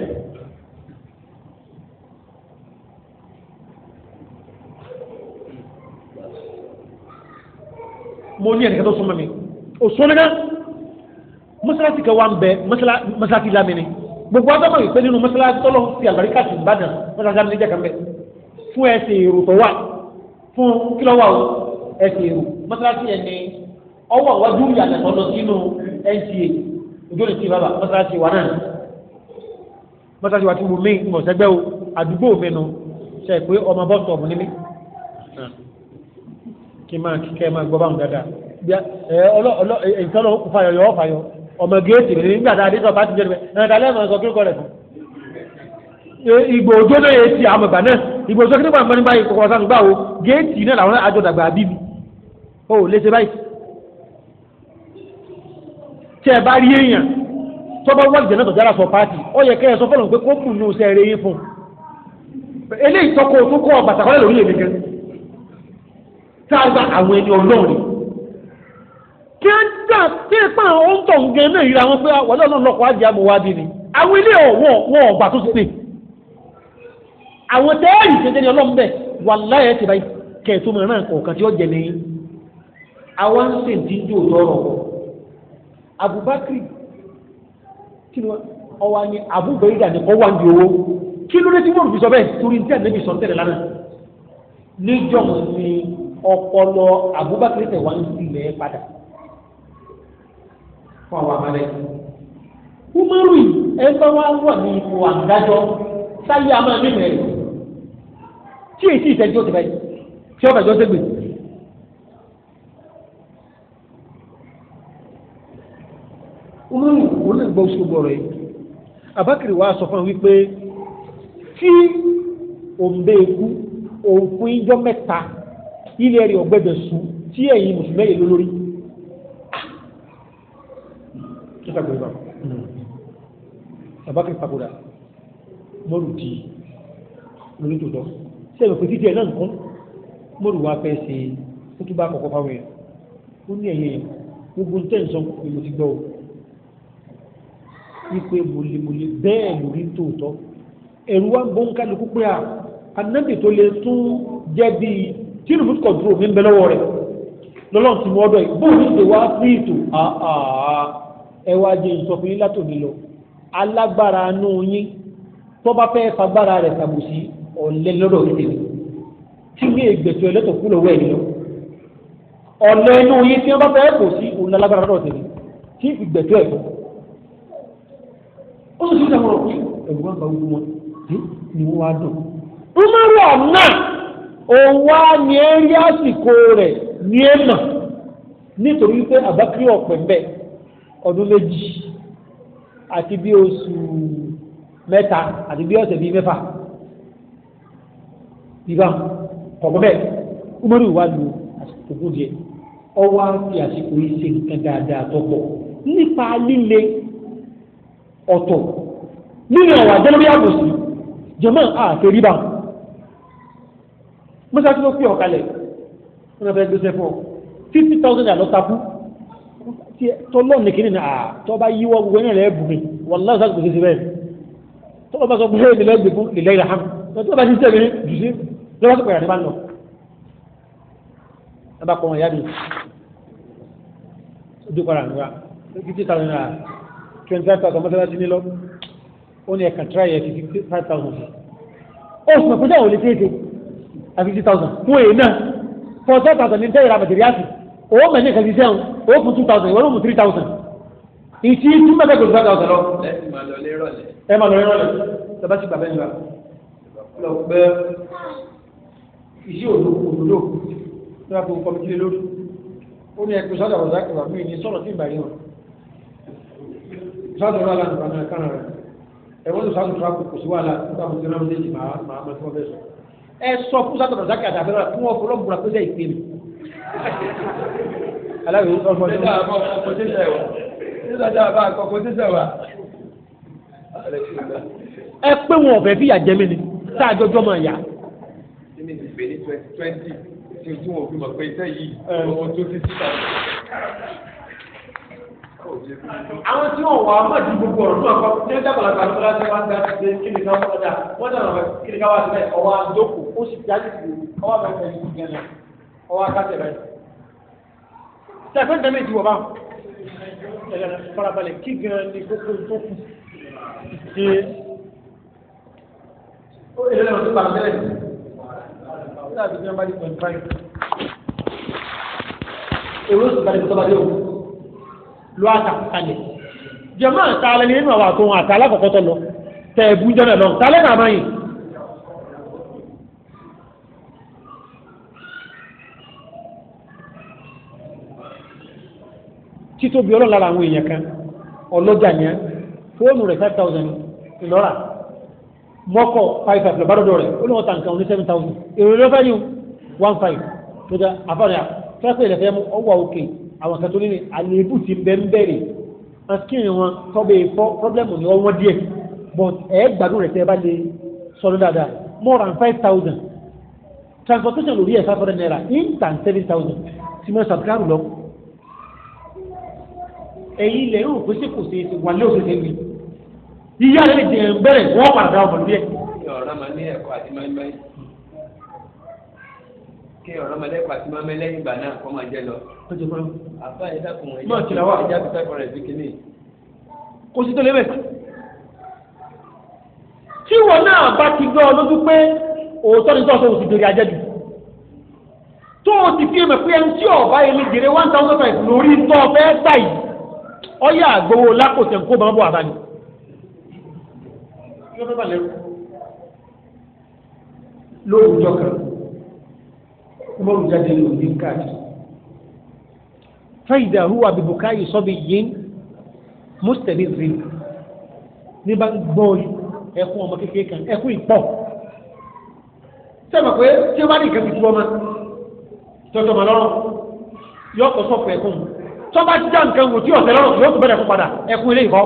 mo ní ẹnìkan tó súnmọ́ mi òṣùwọ̀n náà mọ́sálásí kan wà ń bẹ mọ́sálásí lámìnrin gbogbo ọjọ́ kan ìpè nínú mọ́ṣáláṣí tọ́lọ́ ti àlùbáríkà ti Ìbàdàn mọ́ṣáláṣí àmì níjà kan bẹ̀ fún ẹsẹ̀ èrò tó wà fún kílọ̀wà o ẹsẹ̀ èrò mọ́ṣáláṣí ẹ̀ ní ọwọ́ àwájú ìyàlẹ̀ ọ̀nà sínú NTA ojú ni ti bàbà mọ́ṣáláṣí wa náà mọ́ṣáláṣí wa ti wù mí mọ̀ọ́sẹ́gbẹ́ o àdúgbò mi nu ṣe pé ọmọ bọ́ sọ̀mù ní mí kí máa kíkẹ́ máa gbọ́ bá ń dáadáa ọmọ géètì ní nígbà tá a dé sọ bá ti jẹ́ ẹ̀rọ ìdálẹ́ ọmọ ẹ̀kọ́ kíkọ́ rẹ̀ fún. ìgbò òjò náà yẹ ti àmọ̀gbà náà ìgbò òjò kíkọ́ àmọ́ nígbà yìí kọ̀ọ̀kan sanu gbàwó géètì náà làwọn àjọ dàgbà bí mi ó lè ṣe báyìí. tẹ ẹ bá rí èèyàn tọ́ba wọ́ọ̀lì jẹ́ náà tọ́jára sọ pàtì ó yẹ kẹ́ ẹ sọ fọlọ́n pé kó kùn ní oṣù ẹ̀rẹ́ yín fún eléyìí tọkọ tó kọ bàtà kọ́lẹ̀ lórí èmi gan tá a gba àwọn tí ipa àwọn oúnjẹ òǹgẹ náà yìí àwọn pé wọ́n lọ́nà lọ́kọ̀ ajé amòwádì ni àwọn ilé ọ̀wọ́ wọn ọ̀gbà tó sílẹ̀ àwọn tẹ́ẹ̀rì tẹ́tẹ́ ni ọlọ́mbẹ wà láyé ti báyìí kẹ̀tù mìíràn kọ̀ọ̀kan tí ó jẹ nìyí àwọn ń sè ti ń dò tọrọ Abubakar kí ni ọwọ́ ni Abubakar ni kọ́ wá ń di owó kí ló dé tí wọ́n fi sọ bẹ́ẹ̀ torí ní tẹ́lẹ̀ níbi sọ fún àwọn abẹ́rẹ́ umaru yìí ẹgbẹ́ wa wà ní ipò àǹdájọ́ sáyé tí èsì ìtẹ́jú ó báyìí tí umaru lè gbọ́ oṣù yìí abakiri wa sọ fún mi wípé tí òǹbẹ ikú òǹkú ìjọ mẹ́ta ilé ẹ̀rí ọ̀gbẹ́dẹ̀ sùn tí ẹ̀yin mùsùlùmí lólórí. kíkà pé bá abakiri pakoda mọ́rù di lórí to. lọ sẹ́yìn òfin títí ẹ̀ náà nǹkan mọ́rù wa fẹ́ ṣe ó tún bá kọ̀kọ́ fáwọn yẹn ó ní ẹ̀yẹ yẹn gbogbo ń tẹ̀sán ni mo ti gbọ́ o wípé mòlèmòlè bẹ́ẹ̀ lórí tòótọ́ ẹ̀rù wa ń bọ́ ń kálukú pé a anábì tó lè tún jẹ́ bíi tí rìmùtù kọ̀ mi ń bẹ lọ́wọ́ rẹ̀ lọ́lọ́run ti mú ọdọ̀ yìí bóun ní wá fún ìtò àà ẹ wá jẹ ìsọfúnni látòmí lọ alágbára anú yín tó bá fẹ́ fagbára rẹ̀ sàbòsí ọ̀lẹ́ lọ́dọ̀ ìdèmí tí ilé ìgbẹ̀tọ̀ ẹlẹ́tọ̀ kú lọ́wọ́ ẹ̀mí lọ ọ̀lẹ́ inú yín tí wọ́n bá fẹ́ kò sí òun alágbára lọ́dọ̀ tèmi tí ìgbẹ̀tọ̀ ẹ̀kọ́ ó sì sọ wọn pé ẹ̀gbọ́n àgbà gbogbo wọn ni wọ́n wá dùn. umaru ọ̀nà òun wá ní eré àsìkò rẹ̀ ní èèmà nítorí pé àbákírí ọ̀pẹ̀ bẹ́ẹ̀ ọdún méjì àti bí oṣù mẹ́ta àti bí ọ̀sẹ̀ bíi mẹ́fà bíbá kọ̀ọ̀kan bẹ́ẹ̀ umaru wà lu àsìkò gùn díẹ̀ ọwọ́ á fi àsìkò yìí ṣe nǹkan dáadáa tó pọ̀ nípa líle ọ̀tọ̀ nínú ọ̀wà jẹ́lẹ́bí àbòsí jẹ́mọ́ àtẹ̀rí bá mọ́sáàtì ló pè ọ̀kalẹ̀ wọ́n fẹ́ gbé sẹ́fọ̀ fifty thousand naira lọ́ta fún tí tó lọ́ọ̀nì kìíní ni àá ah, tó bá yíwọ́ gbogbo ẹ̀yìn rẹ̀ bùnmi wàlláhì sáà kò sí síbẹ̀ tó bá sọ pé ẹ̀ lè lọ́ọ̀gbẹ̀ fún lè lẹ́yìn àhám tó bá ti sẹ́mi jù sí lọ́wọ́ tó pẹ̀lú àti bá lọ. ẹ bá kọ́ wọn yára ojú kọ́ra nira fifty thousand naira twenty five thousand mọ́tàlásí nílọ ó ní ẹ̀kan tíráyì ẹ̀ fifty five thousand ó sì mọ̀ pé dáwọ̀ lè tètè à fifty thousand fún èyí náà four thousand ní tẹ́yìrà mẹ̀tẹ̀ríásì owó mẹ́ni kẹ́sì sẹ́wọ̀n owó fún two thousand ìwọ́n fún three thousand ìtì tún bẹ́ẹ̀ kò two thousand lọ. ẹ máa lọ lé rọlẹ̀. ẹ máa lọ lé rọlẹ̀ tọ́ba ti gbàgbé nígbà. lọ pé iṣẹ́ òdo òdodo ló yàgò kọ́míkìlẹ̀ lórí ó ní ẹgbẹ́ sọ́dọ̀ ọ̀dà kọ̀ọ̀kan mi ní sọ̀rọ̀ tí ì bàyìí wọn. sọ́dọ̀ ọ̀dà làǹkà náà kàn rẹ̀ ẹ̀wọ́n tó sọ́dọ̀ tó kò sí wàhálà nígbà mo ti rán méjì máa máa mọ tí wọ́n fẹ́ sọ. ẹ sọ fún sọ́dọ̀ ọ̀dà kí àtàbẹ̀rẹ̀ fún ọkọ̀ ọlọ́mùbúra pé aláwìí sọ fọdún. nígbà àbọ̀ kọ̀kọ́ tẹ̀sẹ̀ wa ẹ pé wọn ọ̀fẹ́ fìyà jẹ ni tá a jọjọ́ máa yà. o tún wọ̀ fún àwọn tí wọn wà á má ju gbogbo ọ̀rọ̀ náà ní ọjà balàgbà tó láti wá ń ga ṣe kí ká wọ́n dà wọ́n dà kí ni ká wá sílẹ̀ ọwọ́ àdókò ó sì jáde sí ọwọ́ àbẹ̀fẹ̀ yìí gẹ̀rẹ̀ ọwọ́ akásẹ̀ báyìí tẹ̀fẹ́ tẹ̀mí ti wọ̀ bá farabalẹ̀ kí gan ni kókó tó kù ṣe ó èlé lọ́wọ́ tó pa àbẹ́rẹ́ ní láti fi ọmọdé pẹ̀lú báyìí èrò sì balẹ̀ tó bá dé o lọ àtàkàlẹ̀ jẹ́mọ́ àtàlẹ́ nínú àwọn àtòhun àtàlẹ́ àkọ́kọ́ tó lọ tẹ̀ ẹ̀bùn jọ́nà lọ tàlẹ́ nàá báyìí. títóbi ọlọ́run lára àwọn èèyàn kan ọlọ́jà yẹn fóònù rẹ̀ five thousand ìlọ́ra mọ́kọ̀ five five lọ́bàdọ́dọ̀ rẹ̀ ó ní wọ́n ta nǹkan ní seven thousand èrò ló fẹ́ yín one five tó dá àfọ̀rẹ́ àtúnṣe ìrẹsẹ̀ mú ọwọ́ òkè àwọn kan tó ní ní àlébù ti bẹ́ẹ̀ bẹ́ẹ̀rẹ̀ askin wọn tọ́bẹ̀ fọ́ pọ́blẹ́mù ni wọ́n díẹ̀ but ẹ̀ gbádùn rẹ̀ tẹ́ bá lè sọ́dún dáadáa more than five thousand transportation lórí ẹ̀ five hundred in than seven thousand tí mo sàbíkárù lọ́kùn ẹ̀yin ilẹ̀ yóò pé sí kò ṣe é ṣe wà lé òṣèṣe mi iye alẹ́ lè jẹun bẹ́rẹ̀ wọ́n padà dá ọmọ lórí ẹ̀. kí ọ̀rọ̀ máa ní ẹ̀kọ́ àti mọ́ẹ́mọ́ẹ́ kí ọ̀rọ̀ máa lẹ́kọ̀ọ́ àti mọ́ẹ́mọ́ẹ́ lẹ́yìn ìgbà náà kọ́ máa jẹ lọ. àbá ẹ̀dá kùn ẹ̀já tó fẹ́ fọ́rẹ̀ sí kínní. kò sí tó lé bẹ̀. tí wọn náà bá ti gbọ́ lójú pé òótọ́ ni tọ́sọ̀ òsì dèrè ajẹ́dù tó o ti fi èèmọ̀ pé ẹni tí ọ̀bá ilé dèrè one thousand five lórí tọ́ fẹ́ tà yìí ọyà àgbowó lákòtẹ̀ ńkó bàbá bọ̀ àbáni. lóòjọ́ kan ọmọrùn jáde lòdì káàkiri. fẹ́yìdà hùwà bìbùkà yìí sọ́bi yìí mùsùlùmí rí ní bá ń gbọ́ ẹkún ọmọ kékeré kan ẹkún ìpọ̀ sẹ́mi pé tí ó bá ní ìkẹ́kẹ́ tí wọ́n máa tọ́jú ọmọ lọ́rùn yọ ọkọ̀ sọ́ọ̀fù ẹkún tọ́ba jíjà nǹkan wò tí ọ̀sẹ̀ lọ́rùn yóò tún bẹ̀rẹ̀ fún padà ẹkún ilé ìkọ́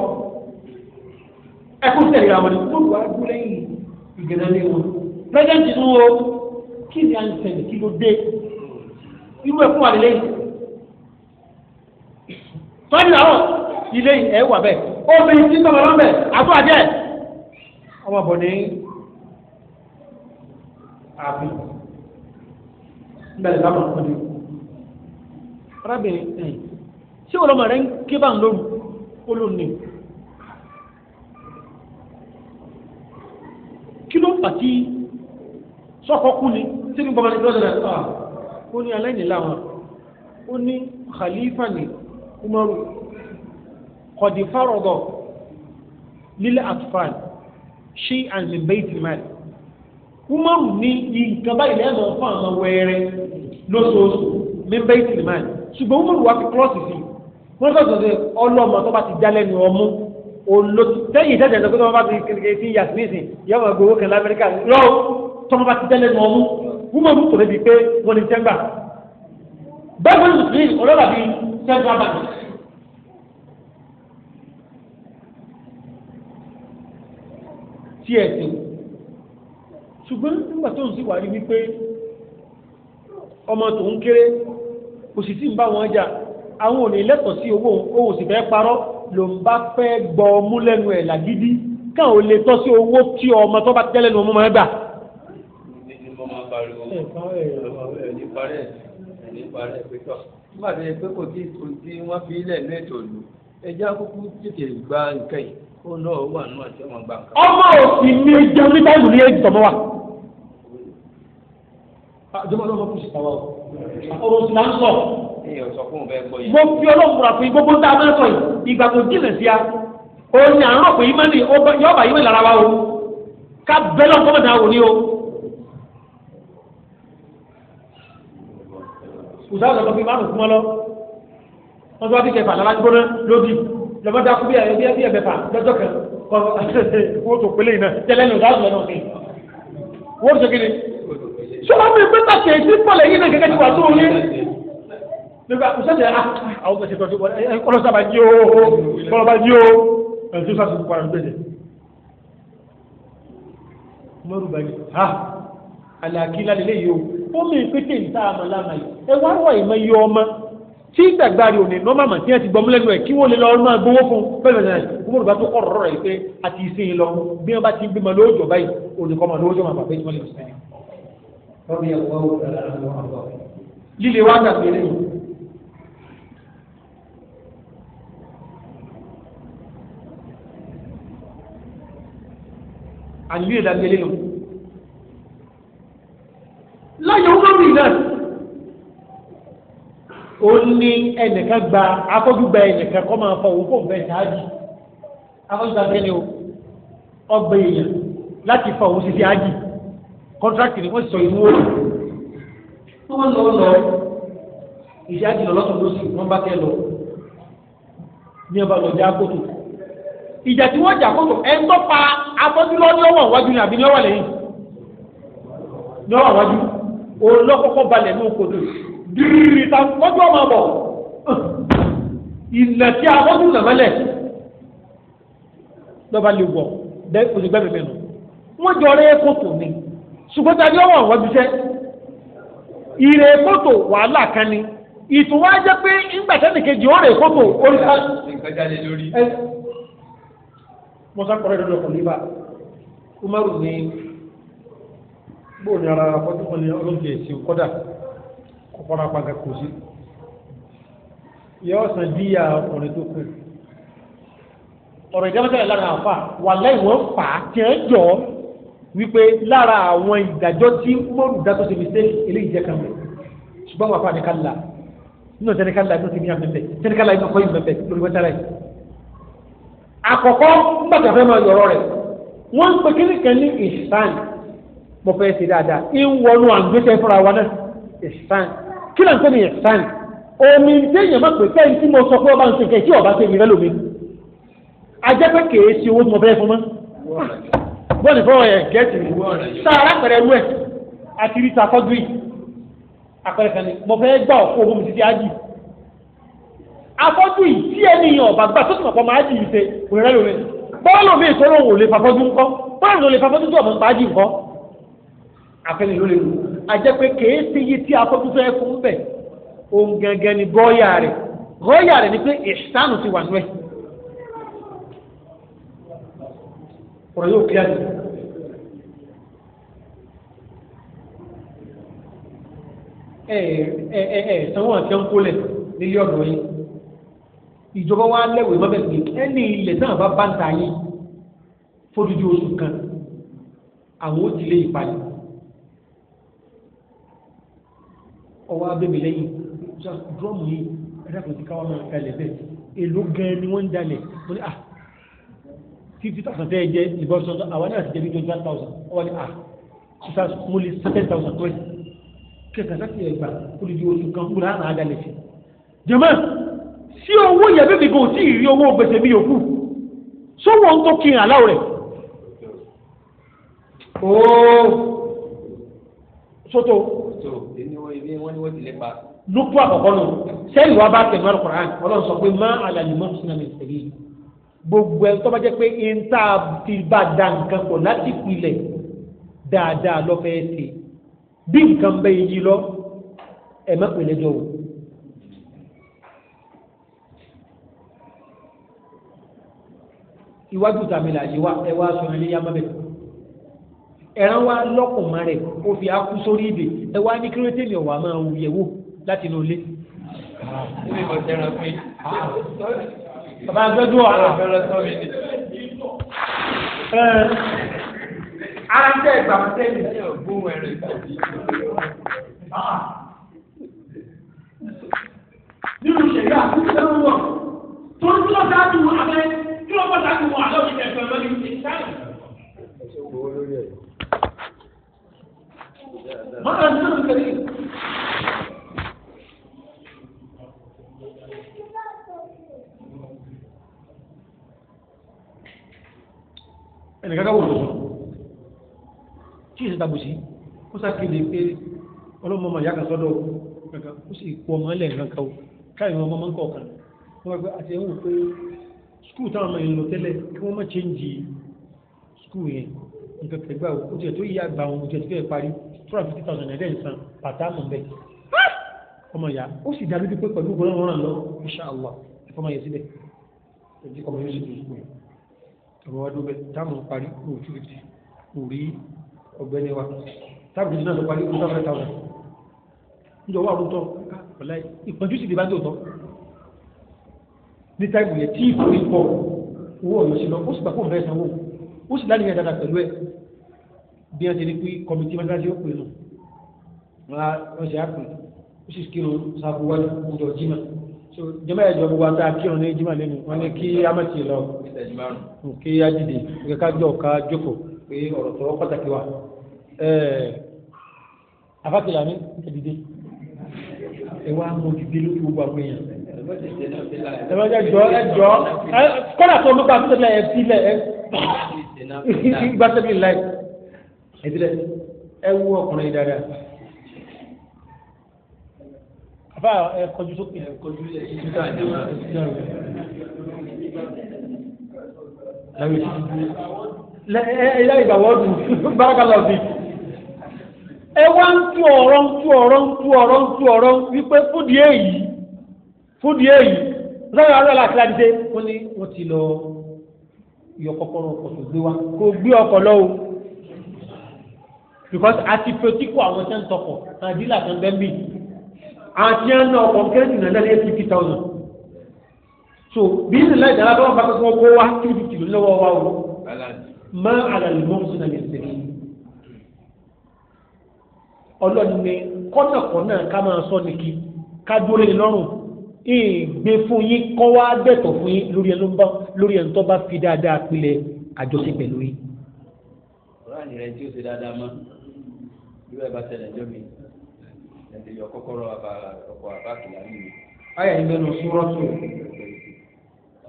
ẹkún tẹ̀lé ra wọn ni wọ́n wá dúró lẹ́yìn ìgbẹ́nálé wọn pẹ́sẹ́ǹtì tún wo kí ni à ń sẹ̀lẹ̀ kí ló dé irú ẹkún wà tọ́jú àwọn ilé ẹ̀ wà bẹ́ẹ̀ àtọ́ àjẹ́ ọmọ bọ̀ ní àbí arábìnrin ẹ̀yìn. ṣé ọlọ́mọ rẹ̀ ń ké bá ń lóru ó ló ní. kí ló ń fà tí sọ́kọ́ kú ni tí ní bọ́mọ ní lọ́dọ̀ rẹ̀ ah ó ní aláìní láwọn ó ní khalifa ni umaru kọ̀dí fárọ̀dọ̀ lílẹ̀ àtúfàn ṣí àmì bẹ́ẹ̀tì máa umaru ní nǹkan báyìí lẹ́nu fún àwọn wẹ́rẹ́ lóṣooṣù ní bẹ́ẹ̀tì máa ṣùgbọ́n umaru wá fi kúrọ́ọ̀sì sí i wọ́n sọ̀tọ̀ sí ọlọ́mọ tó bá ti já lẹ́nu ọmú olótẹ́yìn ìtẹ́tẹ̀ tó tó bá ti kékeré sí yasmisi yọ ọmọ gbowó kan lamẹ́ríkà lọ́wọ́ tó bá ti já lẹ́nu ọmú wúmọ̀ mú tòlẹ́ bíi pé wọ́n ní tẹ́ngbà bẹ́ẹ̀ wọ́n sì ní ọlọ́lá bíi tẹ́ngbà bàtà. tí ẹ sìn ṣùgbọ́n nígbà tó ń sì wà ní wípé ọmọ tòun kéré kò sì sí ń bá wọn jà àwọn ò ní lẹ́tọ̀ọ́ sí owó òun sì fẹ́ parọ́ ló ń bá fẹ́ gbọ́ ọmú lẹ́nu ẹ̀ làgídí káà ò lè tọ́ sí owó tí ọmọ tó bá tẹ́ lẹ́nu ọmọ máa gbà. nígbà tó yẹ pé kò tí kò tí wọ́n fi ilẹ̀ ní ètò ìlú ẹjẹ́ akókó tètè gba nǹkan yìí kó náà wà nù àti ọmọ gbà nǹkan. ọmọ òsì ni jẹun ní báyìí ní èjì tọmọ wa. àjọmọ́ ló mọ̀ kó sì tàwa o. ọ̀rọ̀ sì là ń sọ mo fi ọlọ́mùra fún gbogbo tá a máa sọ yìí ìgbà tó jìnà sí a òun ni à ń rọ̀ pé yìí máa ní yọ̀ọ̀bà yìí máa lára wa o ká bẹ́ẹ̀ lọ́n kọ́mọ̀dé àwọn òní o. kùsà lọ́kọ́ fi márùn fún ọ lọ wọ́n tó wá ti kẹfà lára gbóná lódì lọ́mọdé akú bí ẹ bí ẹ bẹ fà lọ́jọ́ kan kọ́ wọ́n tó pélé iná tẹ́lẹ̀ ní ọ̀dà àgbẹ̀ náà sí wọ́n tó kéde. sọlá mi pé tàkì èyí pọ̀ lẹ́yìn náà gẹ́gẹ́ ti nígbà kò sẹ́sẹ̀ àwọn ọ̀gbẹ̀sẹ̀ tó ti wọlé ẹ kọ́lọ́ sábà jí o kọ́lọ́ bá mọ́rù bá ha àlàkí lálẹ́ yìí o ó mi pété níta àmọ́ lánàá yìí ẹ wá wà ìmọ̀ iye ọmọ tí ìgbàgbà rẹ̀ ò ní nọ́mà mà tí wọ́n ti gbọ́mú lẹ́nu ẹ̀ kí wọ́n lè lọ máa gbowó fún bẹ́ẹ̀ náà gbogbo ìgbà tó kọ̀ rọ̀ rẹ̀ pé a ti sin in lọ lẹ́yìn àlùyé ìdájẹ́lé nù. láyé olórí náà ó ní ẹnìkan gba akọ́jú gba ẹnìkan kọ́ máa fọ òun kò bẹ́ẹ̀ ṣáájú akọ́jú gba bẹ́ẹ̀ o ọgbà èèyàn láti fọ òun ṣiṣẹ́ ájì kọ́ńtrákì ni wọ́n sọ ìmú òòlù wọ́n lọ lọ ìṣẹ́ ájì lọ lọ́sùn lọ́sì wọ́n bá kẹ́ lọ ní ọba lọ́jà kótó ìjà tí wọ́n jà kótó ẹ̀ ń tọ́ pa afọ́júlọ́ ni ó wà wájú ni àbí ni ó wà ni ó wà wájú òun lọ́kọ́kọ́ balẹ̀ ní okòtò dìrì ta kọjú ọmọ bọ̀ ilẹ̀ tí afọ́jú nàmẹ́lẹ̀ lọ́ba lè wọ̀ dẹ́ òṣìgbẹ́ bẹ̀bẹ̀ nù wọ́n jọ rẹ́ kótó ni ṣùgbọ́n tàbí ọwọ́ wájú sẹ́ ìrè kótó wàhálà kan ni ìtùwájẹ́ pé ńgbàtẹ́nìkejì ó rè kótó orí mọ́sákọ̀rọ̀ ìdọ́dọ̀ kò ní bá umaru ni bóòní ara fọ́júmọ́ ní ọlọ́dẹ èsì kọ́dà kò fọ́nà pàgà kò sí yọ san díyà ọkùnrin tó kù ọ̀rọ̀ ìdámẹ́sẹ̀ lára àfà wà láì wọ́n fà á kí ẹ jọ wípé lára àwọn ìdájọ́ tí umaru dá tó ṣe mistake eléyìí jẹ́ kan ṣùgbọ́n wà fà ní kálá nínú tẹnikálá inú ti ní àmì bẹ́ẹ̀ tẹnikálá inú kọ́ lórí wọ́n tẹ́lẹ̀ yìí àkọ́kọ́ gbàgbà fẹ́ máa yọ̀rọ̀ rẹ̀ wọ́n ń pe kíní kan ní ìsàn mo fẹ́ ṣe dáadáa ìwọ̀nù àgbẹ̀tẹ̀ fúnra wa náà ìsàn kí là ń pè ní ìsàn omi téèyàn má pè sẹ́yìn tí mo sọ pé ọba ń ṣe kẹ́ tí ọba ṣe ìrẹ́ lómi ajẹ́ pé kèé ṣe owó tí mo fẹ́ fún mọ́ bọ́ọ̀lù fún ọ̀yẹ̀ gẹ́ẹ̀tì mi sáárá pẹ̀rẹ̀ lú ẹ̀ àti ríta fọ́gbìn àpẹẹrẹ ni mo fẹ́ gbà ọ̀pọ̀ owó mi títí ájì afọ́jú yìí tí ẹni yàn ọ̀bà gbà sọ́sùn ọ̀pọ̀ máa jì í ṣe kò rẹ́ lómi bọ́ọ̀lù mi ìṣòro wò lè fàfọ́jú ńkọ́ bọ́ọ̀lù ló lè fàfọ́jú tó ọ̀bọ̀ ń pàájì ńkọ́ àfẹ́ni ló lè lu àjẹ́ pé kèé sí iye tí afọ́jú fẹ́ fún bẹ̀ òun gangan ni gọ́ọ̀yà rẹ̀ gọ́ọ̀yà rẹ̀ ni pé ìṣánù ti wà nú ẹ̀ ọ̀rọ̀ yóò kíá ni. ẹ ẹ ẹ sanwó àti ẹ̀ ń kólẹ̀ nílé yìí ìjọba wa lẹ́wẹ̀ mọ́bẹ̀ pé ẹni ilẹ̀ náà bá bá ń ta yín fódúdú oṣù kan àwọn ó ti lé ìpalẹ ọwọ́ abẹ́mi lẹ́yìn drọ́mù yìí ẹ̀dàkùn ti káwọn máa kalẹ̀ bẹ́ẹ̀ èlò gan ni wọ́n ń dalẹ̀ wọ́n ní à fifty thousand tẹ́ ẹ jẹ́ ìbọn sọ́dọ̀ àwọn náà ti jẹ́ bí twenty one thousand wọ́n ní à sísá mo lè seven thousand twenty kẹ̀kẹ́ sáfì ẹ̀gbà fódúdú oṣù kan kúrò àwọn àdàlẹ̀ sí jẹ́mọ́ tí owó yẹn bíbí kò tí ì rí owó gbèsè mi yòókù sówó ń tó kiri àláwọ̀ rẹ̀ ooo sótó. lókù àkọ́kọ́ nù sẹ́yìn wá bá tẹ̀ lọ́rùn kọ̀ọ̀rán ọlọ́run sọ pé má àlàyé mọ́ sínú àmì ìsẹ̀lẹ̀ yìí gbogbo ẹ̀ tó bá jẹ́ pé ń tá a ti bá da nǹkan pọ̀ láti pilẹ̀ dáadáa lọ́fẹ̀ẹ́ sí bí nǹkan bẹ́ẹ̀ yí lọ ẹ̀ má pèlè jọ wò. iwájú tàmí làyè wa ẹ wá aṣọ ilé yá mọ́bẹ̀. ẹ̀ràn wa lọ́kùnmá rẹ̀ ó fi akú sórí ibè ẹ wá ní kírètè mi ọ̀wà máa wù yẹ̀ wò láti inú ilé. Ah, bàbá gbẹ́dúró ọ̀la. ara ń tẹ́ ìgbà tẹ́lẹ̀ ní ọ̀gbọ́n ah. ẹ̀rẹ̀ nínú ìṣẹ̀lẹ̀ àti ìṣẹ̀lẹ̀ wọn tó ń tọ́jú abẹ́. kí ló pàṣẹ àti wọn àlọ́ ìjẹ lọ́dún ìjẹ ìsáyẹ̀. mọ́tò àti sọ́dún kẹ́lí. ẹnìkan ká wò lọ sọ tí ó pé ọlọ́mọ ọmọ ìyá kan sọ́dọ̀ kankan ó sì o káyọ̀ ọmọ ọmọ ń kọ̀ ọ̀kan wọ́n wá pé àti pé skul táwọn ọmọ yẹn lọ tẹ́lẹ̀ kí wọ́n má chẹ́ǹjì skul yẹn nǹkan kẹgbà ó tiẹ̀ tó yí àgbà àwọn ojú ẹ̀ tó fẹ́ parí two hundred fifty thousand naira ẹ̀sán pàtàkì bẹ́ẹ̀ ah! ọmọ ìyá ó sì dàbí pípé pẹ̀lú gbọ́dọ̀ wọn lọ insha Allah ẹ̀fọ́ máa yẹ síbẹ̀ ẹ̀jẹ̀ ọmọ yóò sì tó skul yẹn ọmọ wa dúpẹ́ táwọn parí kúrò two fifty kò rí ọgbẹ́ni wa táàbù náà ló parí kúrò two hundred thousand níjọ wà lóòótọ́ ìpọ́njú sì dé bá dé òótọ́ ní táìpù yẹn tí ìfòrí pọ̀ owó ọ̀yọ́ sí lọ ó sì gbà fóun fẹ́ sanwó ó sì láti yẹn dáadáa pẹ̀lú ẹ̀ bí wọ́n ti rí pé kọ́mìtì mọ́tàlásí ó pè nù wọ́n ṣe àpè ó sì kírun sáfù wájú ọjọ́ jimá so jama yẹ hmm, jọ gbogbo ata akírun ní jimá lẹ́nu wọn ni kí amati lọ kí adìde kí kájọ ká jókòó pé ọ̀rọ̀ tó pàtàkì wa ẹ̀ẹ́ afákìlá mi adìde ẹ wá mọ ti gbogbo àwọn èèyàn ẹjọ ẹjọ kọ́lá tó ló gba sílẹ̀ ẹ sílẹ̀ ẹ gba sílẹ̀ láì ẹ sílẹ̀ ẹ wú ọkùnrin dáadáa. àbá ẹ kọjú sókè. ẹ kọjú ẹ yíjú ká ní wa. ẹ yá ìgbà wọ́ọ̀dù bárakàlá fi ẹ wá ń tú ọ̀rọ̀ ń tú ọ̀rọ̀ ń tú ọ̀rọ̀ ń tú ọ̀rọ̀ wípé fúdi èyí fúdi èyí lọ́yọ̀ ọ̀rọ̀ láti láti dé ó ní ó ti lọ yọ kọ́kọ́rọ́ ọkọ̀ tó gbé wa kó gbé ọkọ̀ lọ́wọ́ because àti pẹ̀tíkù àwọn tẹ́ ń tọkọ̀ àti dílà ń bẹ́ àti ẹ̀ ń ná ọkọ̀ kẹ́rì nà lẹ́lẹ́ eight fifty thousand so bí ní láì dára lọ́wọ́ bá pẹ́ fún ọkọ̀ wa two fifty lọ́wọ́ wa o má àlàlé mọ́ sí náà yẹn sẹ́yìn ọlọ́ni kọ́nàkọ́nà ká máa sọ nìkí ká dúró lé lọ́rùn ìgbé fún yín kọ́ wá dẹ̀tọ̀ fún yín lórí ẹni bá lórí ẹni tó bá fi dáadáa pilẹ̀ àjọṣe pẹ̀lú yín. kúránì rẹ tí ó ṣe dáadáa mọ irú ẹ bá ṣẹlẹ̀ jọ mi ẹsẹ yọ kọ́kọ́rọ́ ọkọ àbá kìlá mi. ayé yìí lẹ́nu súrọ́tù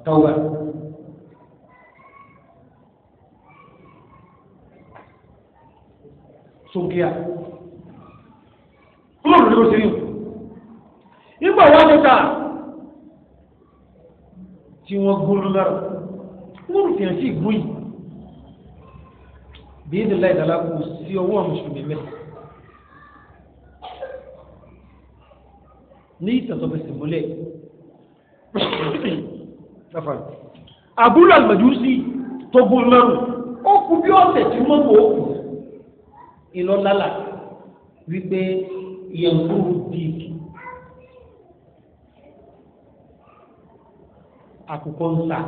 tọ́wà. sókíà kúrò lórí ó yìí. nígbà wàá tó ta tí wọ́n gbóná lára wọ́n rò fìyàn sí ìgbó yìí bí ìdílé ìdálá kù sí ọwọ́ àwọn mùsùlùmí mẹ́ta ní ìtàtọ̀fẹsẹ̀ mọ́lẹ̀ àbúrò àlùmọ̀júsí tó gbóná lára ó kú bí ọ̀sẹ̀ tí wọ́n wò ó kù ìlọ́lálà wípé yẹn kúrú bíi àkùkọ ń sà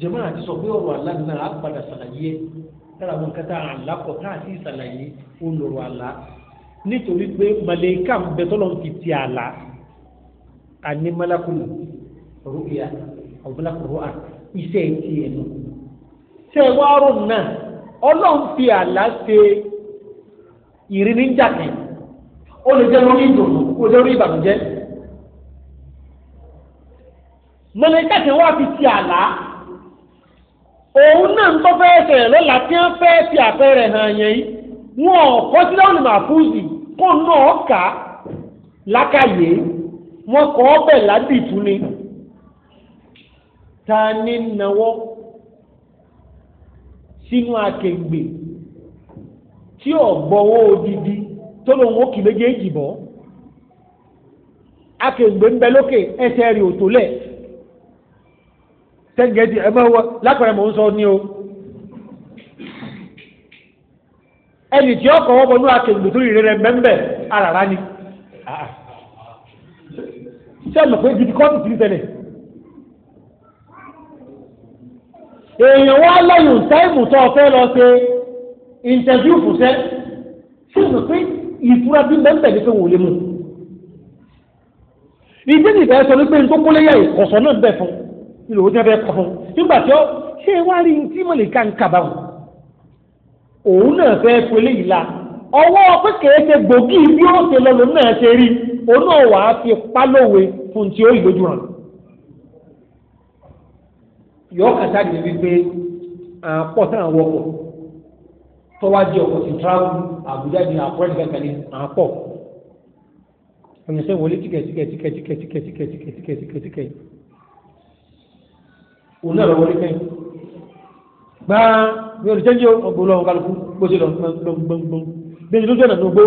jẹmọ́nà ti sọ pé ọ̀rọ̀ àlá náà á padà ṣàlàyé lára àwọn nǹkan tá à ń lápọ̀ tá à sì ṣàlàyé ó lọ̀rọ̀ àlá nítorí pé màlẹ́kà ń bẹ tọ́lọ́ fi ti àlá àní mọ́lákùnrin rúbíà ọ̀bùlákùnrin rúbà iṣẹ́ ti ẹ̀ nù. ṣé wàá rò náà ọlọ́run fi àlá ṣe ìrìnnìjàkẹ́ ó lè jẹ́ lórí ìdùnnú ó lè jẹ́ mọ̀lẹ́kà tí wọ́n fi ti àlá òun náà ń tọ́ fẹ́ sẹ̀rẹ̀ lọ́la tí wọ́n fẹ́ fi àpẹẹrẹ hàn yẹn yìí wọn ò kọ́ sí láwọn ìmọ̀ àfúùsì kó náà kà á lákàyè wọn kọ́ ọbẹ̀ ládìtú ni ta ni náwó sínú akẹgbè tí ọ̀gbọ́wọ́ odidi tó lóun ó kì méjèèjì bọ́ akẹgbè ń bẹ lókè ẹsẹ̀ rẹ̀ ò tó tẹ́ǹgẹ́dì ẹ mọ̀ wọ lápẹ̀rẹ̀ mò ń sọ ní o ẹnì tí ọkọ̀ wọ́pọ̀ ní akéwì tó rìn rẹ̀ mẹ́mbẹ̀ arara ni sẹ́mi pé gidi kọ́ọ̀tù ti ń ṣẹlẹ̀ èèyàn wá lẹ́yìn táìmù tó fẹ́ lọ ṣe ìntẹ̀fíù fùsẹ́ sẹ́mi pé ìfura bí mẹ́mbẹ̀ ní pé wò lè mú ìdí nìkan ẹ sọ wípé ntókólẹ́yà ìkọ̀sọ̀ náà bẹ̀ fún ìlò ojú ẹbẹ kọ fún nígbà tí ó ṣe wá rí ní tí mo lè ká ń kà báwọn òun náà fẹ́ pélé yìí la ọwọ́ pé gbòógì bí ó ṣe lọ́nà náà ṣe rí òun náà wàá fi pálówe fún tí ó ìlójú hàn yọ kàtàkì wípé àpọ̀ sáà wọkọ̀ tọ́wájú ọkọ̀ sí travel Àbújá ní àpọ̀lẹ́ kankan ní àpọ̀ ọ̀nà wọlé òun náà lọ wọlé kẹ́yìn gbáà mi ò lè jẹ́ ní ọgbọ̀n lọ́wọ́ kálukú bó ṣe lọ gbọ̀ngbọ̀ngbọ̀n bí ẹni lójú ọ̀nà tó gbó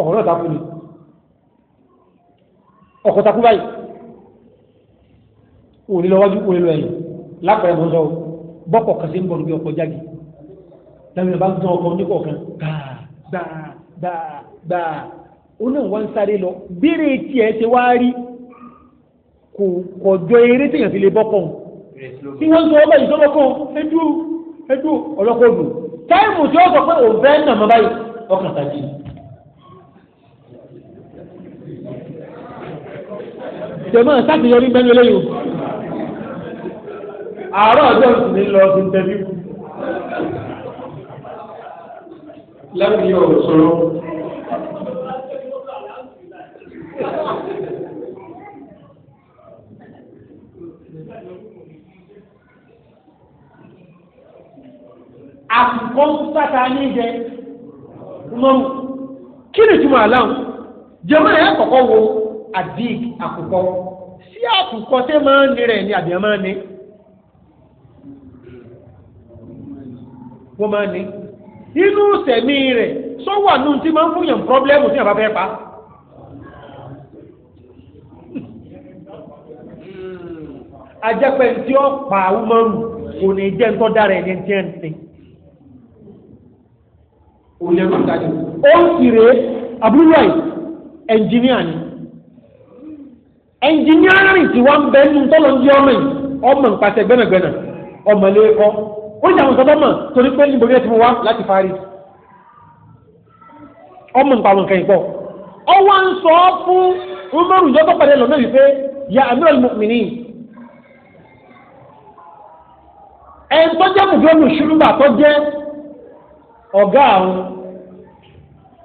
ọkọ̀ náà takú ni ọkọ̀ takú báyìí òun ni lọ́wọ́jú òun lọ ẹ̀yìn lápẹ̀rẹ̀ mọ́ sọ bọ́kọ̀ kan sí ń bọ̀ níbi ọkọ̀ jáde lẹ́yìn ìbá tún ọkọ̀ oníkọ̀ọ̀kan gbàà gbàà òun náà wá ń sáré lọ tí wọ́n ń sọ ọba ìjọlọ́kọ̀ ẹdú ẹdú ọlọ́kọ̀ dùn táìmù tí wọ́n sọ pé òun fẹ́ nà mọ́ báyìí ọkàn tàbí. jẹ̀mọ́ sátìyọrí mẹ́nu lẹ́yìn o àárọ̀ ọjọ́ sì ní lọ sí tẹ́lifù lẹ́yìn yóò sọ̀rọ̀. àsìkò sátà ní ìjẹ mọ́mù kí ni túmọ̀ aláwọ̀ jẹ́mọ́ ẹ̀ kọ̀kọ́ wo àdìg àkùkọ sí àkùkọ tẹ́ máa ń ní rẹ̀ ni àbí máa ń ní wọ́n máa ń ní inú sẹ̀mí rẹ̀ sọ́wọ́ àánú tí máa ń fún pọ́blẹ́mù tí àbá pa á. tí ó pa àwọn ọmọ kò ní jẹ́ ń tọ́ dára ẹni tí ẹ̀ ń sìn olẹ́rú sáájú ó ń sire abúlúwàì ẹnjìníà ni ẹnjìníàrì tí wọ́n bẹ nínú tọ́lọ̀ ní ọmọ yìí ọmọ nípasẹ̀ gbẹ́nàgbẹ́nà ọmọ ilé ẹ̀kọ́ ó ní àwọn sọ́dọ́ mọ̀ torí pé níbo ilé tí mo wá láti parí ọmọ nípa àwọn nǹkan ìpọ̀ ọ wá ń sọ ọ́ fún umaru ìjọ tó pàdé lọ́nà wípé ya amiral mu'minin ẹ̀ ń tọ́jú àmùjọ́ nù ṣùgbọ́n àtọ́jẹ́ ọ̀gá àwọn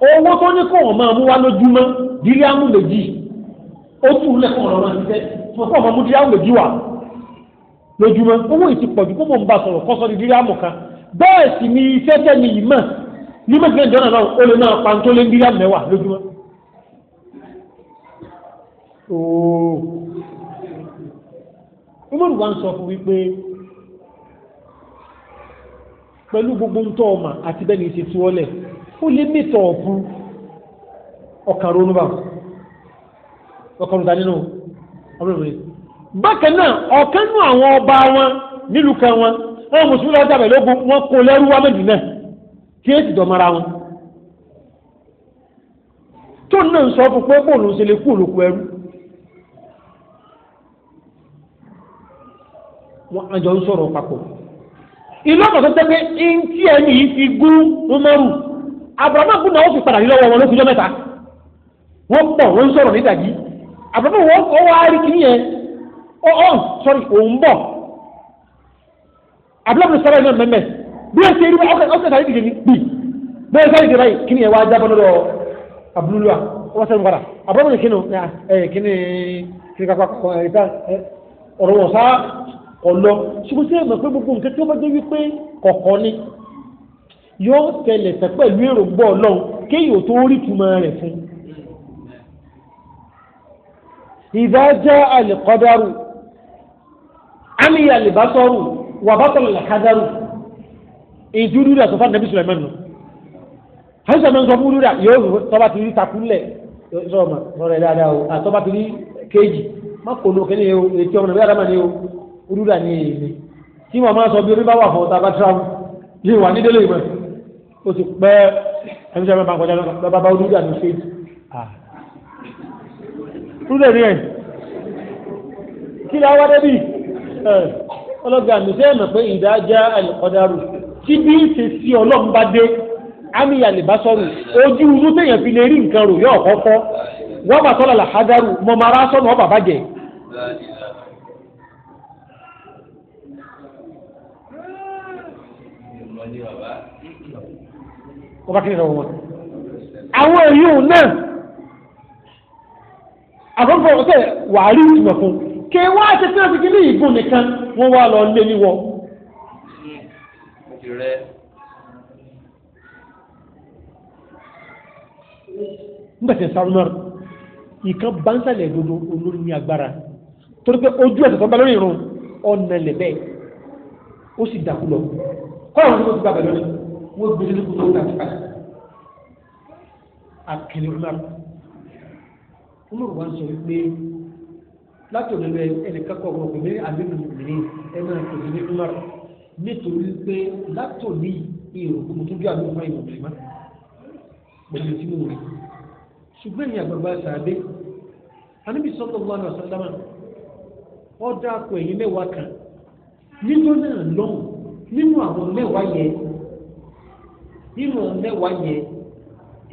owó tó ní kó wọn máa mú wá lójúmọ́ díríàmù méjì ó tù ú lẹ́kọ̀ọ́ ọ̀rọ̀ máa ṣiṣẹ́ mo fọ́ ọmọ mú díríàmù méjì wà lójúmọ́ owó yìí ti pọ̀jù kó mò ń bá sọ̀rọ̀ kọ́sọ́ di díríàmù kan bẹ́ẹ̀ sì ni iṣẹ́ tẹ́ni yìí mọ̀ ní mẹ́tìlẹ́ ìjọ́nà náà ó lè náà pàǹtó lé díríàmù mẹ́wàá lójúmọ́. ooo umaru wa ń sọ fún wípé pẹ̀lú gbogbo ntọ́ ọmọ àti bẹ́ẹ̀ ni ṣe tú ọlẹ̀ ó lé mẹ́tọ̀ ọ̀fun ọkàn ronú bá ọkàn àwọn ọba wọn nílùú kan wọn àwọn mùsùlùmí wọn kò lẹ́rú wa méjì náà kí dọ̀mọ́ra ìlú ọ̀tọ̀ tó tẹ́ pé ntí ẹni yìí fi gún umaru abrahamu gún náà ó fi padà ní lọ́wọ́ wọn ló fi jọ mẹ́ta wọ́n pọ̀ wọ́n sọ̀rọ̀ nídàgí abrahamu wọ́n wá rí kí yẹn ó ó sọ̀rí òun bọ̀ abrahamu sọ̀rọ̀ iná mẹ́mẹ́ bí ẹ ṣe rí wọn ọkọ̀ ọkọ̀ sáré dìde ní bì bí ẹ sáré dìde báyìí kí yẹn wá jábọ́ lọ́dọ̀ abúlúwa wọ́n sẹ́nu padà abrahamu kí ni kí ni kí ni kápá ọ̀rọ̀ wọ̀ sáà ọlọ ṣùgbọ́n sí ẹ̀mọ̀ pé gbogbo nǹkan tí ó bá dé wípé kọ̀kọ́ ni yóò tẹ̀lẹ̀ tẹ̀ pẹ̀lú èròǹgbọ́ ọlọ́run kéèyàn tó rí túmọ̀ rẹ̀ fún. ìdájọ́ àlèkọ́dárù àmì àlèbásọ́rù wà bátọ̀lù làkádárù èdè rúdà tó fà nàbí Sulaiman nù. àìsàn máa ń sọ fún rúdà yóò rú tọ́ba ti rí takúlẹ̀ sọ̀rọ̀ mà sọ̀rọ̀ ẹ̀ dáadáa o àtọ́ba ti rí kéèjì má kò lókè ní o ètò ọmọ nàbí rúdà ní èmi tí màmá sọ bí orí bá wà fún ọ̀tá bá tíráwù yìí wà nídélé ìmọ̀ ó ti pẹ́ ẹni sọ bá kọjá lọ́nà bá bá rúdà ní faith rúdà ní ẹ̀ kí ni àwọn débì ọlọ́gà mi sẹ́yìn mọ̀ pé ìdájá àlùkọ́dárù tí bí ń ṣe sí ọlọ́run bá dé àmì àlìbásọ́rù ojú inú téèyàn fi lè rí nǹkan rò yóò kọ́kọ́ wọ́n bá tọ́lá làhágárù mọ̀mọ́ra sọ́nà ọ wọ́n bá kí ni lọ́wọ́ wọn. àwọn èèyàn náà àkókò ọ̀sẹ̀ wàá rí ìtumọ̀ fún kí wọ́n á ṣe tí wọ́n ti kí ní ìbò nìkan wọ́n wá lọ lé ní wọn. nígbà tí sàrúmọ́rù ìkan bá ń sàlẹ̀ dodo olórí ní agbára torí pé ojú ẹ̀sẹ̀ tó bá lórí irun ọ̀nà lẹ̀ bẹ́ẹ̀ ó sì dàkú lọ kọ́ àwọn tó ti gbà lónìí wọ́n gbé sílẹ̀ kótó náà ti pàṣẹ. akele umar umar wa sọ wípé látò lẹ́nu ẹnìkan kọ̀ ọ̀gbọ̀n pẹ̀lú àbẹ̀lú obìnrin ẹnu àtòsí ní umar nítorí pé látò ní ìrò kò tó bí àbẹ̀lú fún ìwọ̀n fìmá pẹ̀lú tí mo rí ṣùgbọ́n ìyá àgbàgbà sàdé anábì sallallahu alaihi wasallam ọ̀dà àpò ẹ̀yìn mẹ́wàá kan nítorí náà lọ́hùn nínú àwọn mẹ́wàá yẹn nínú mẹ́wàá yẹn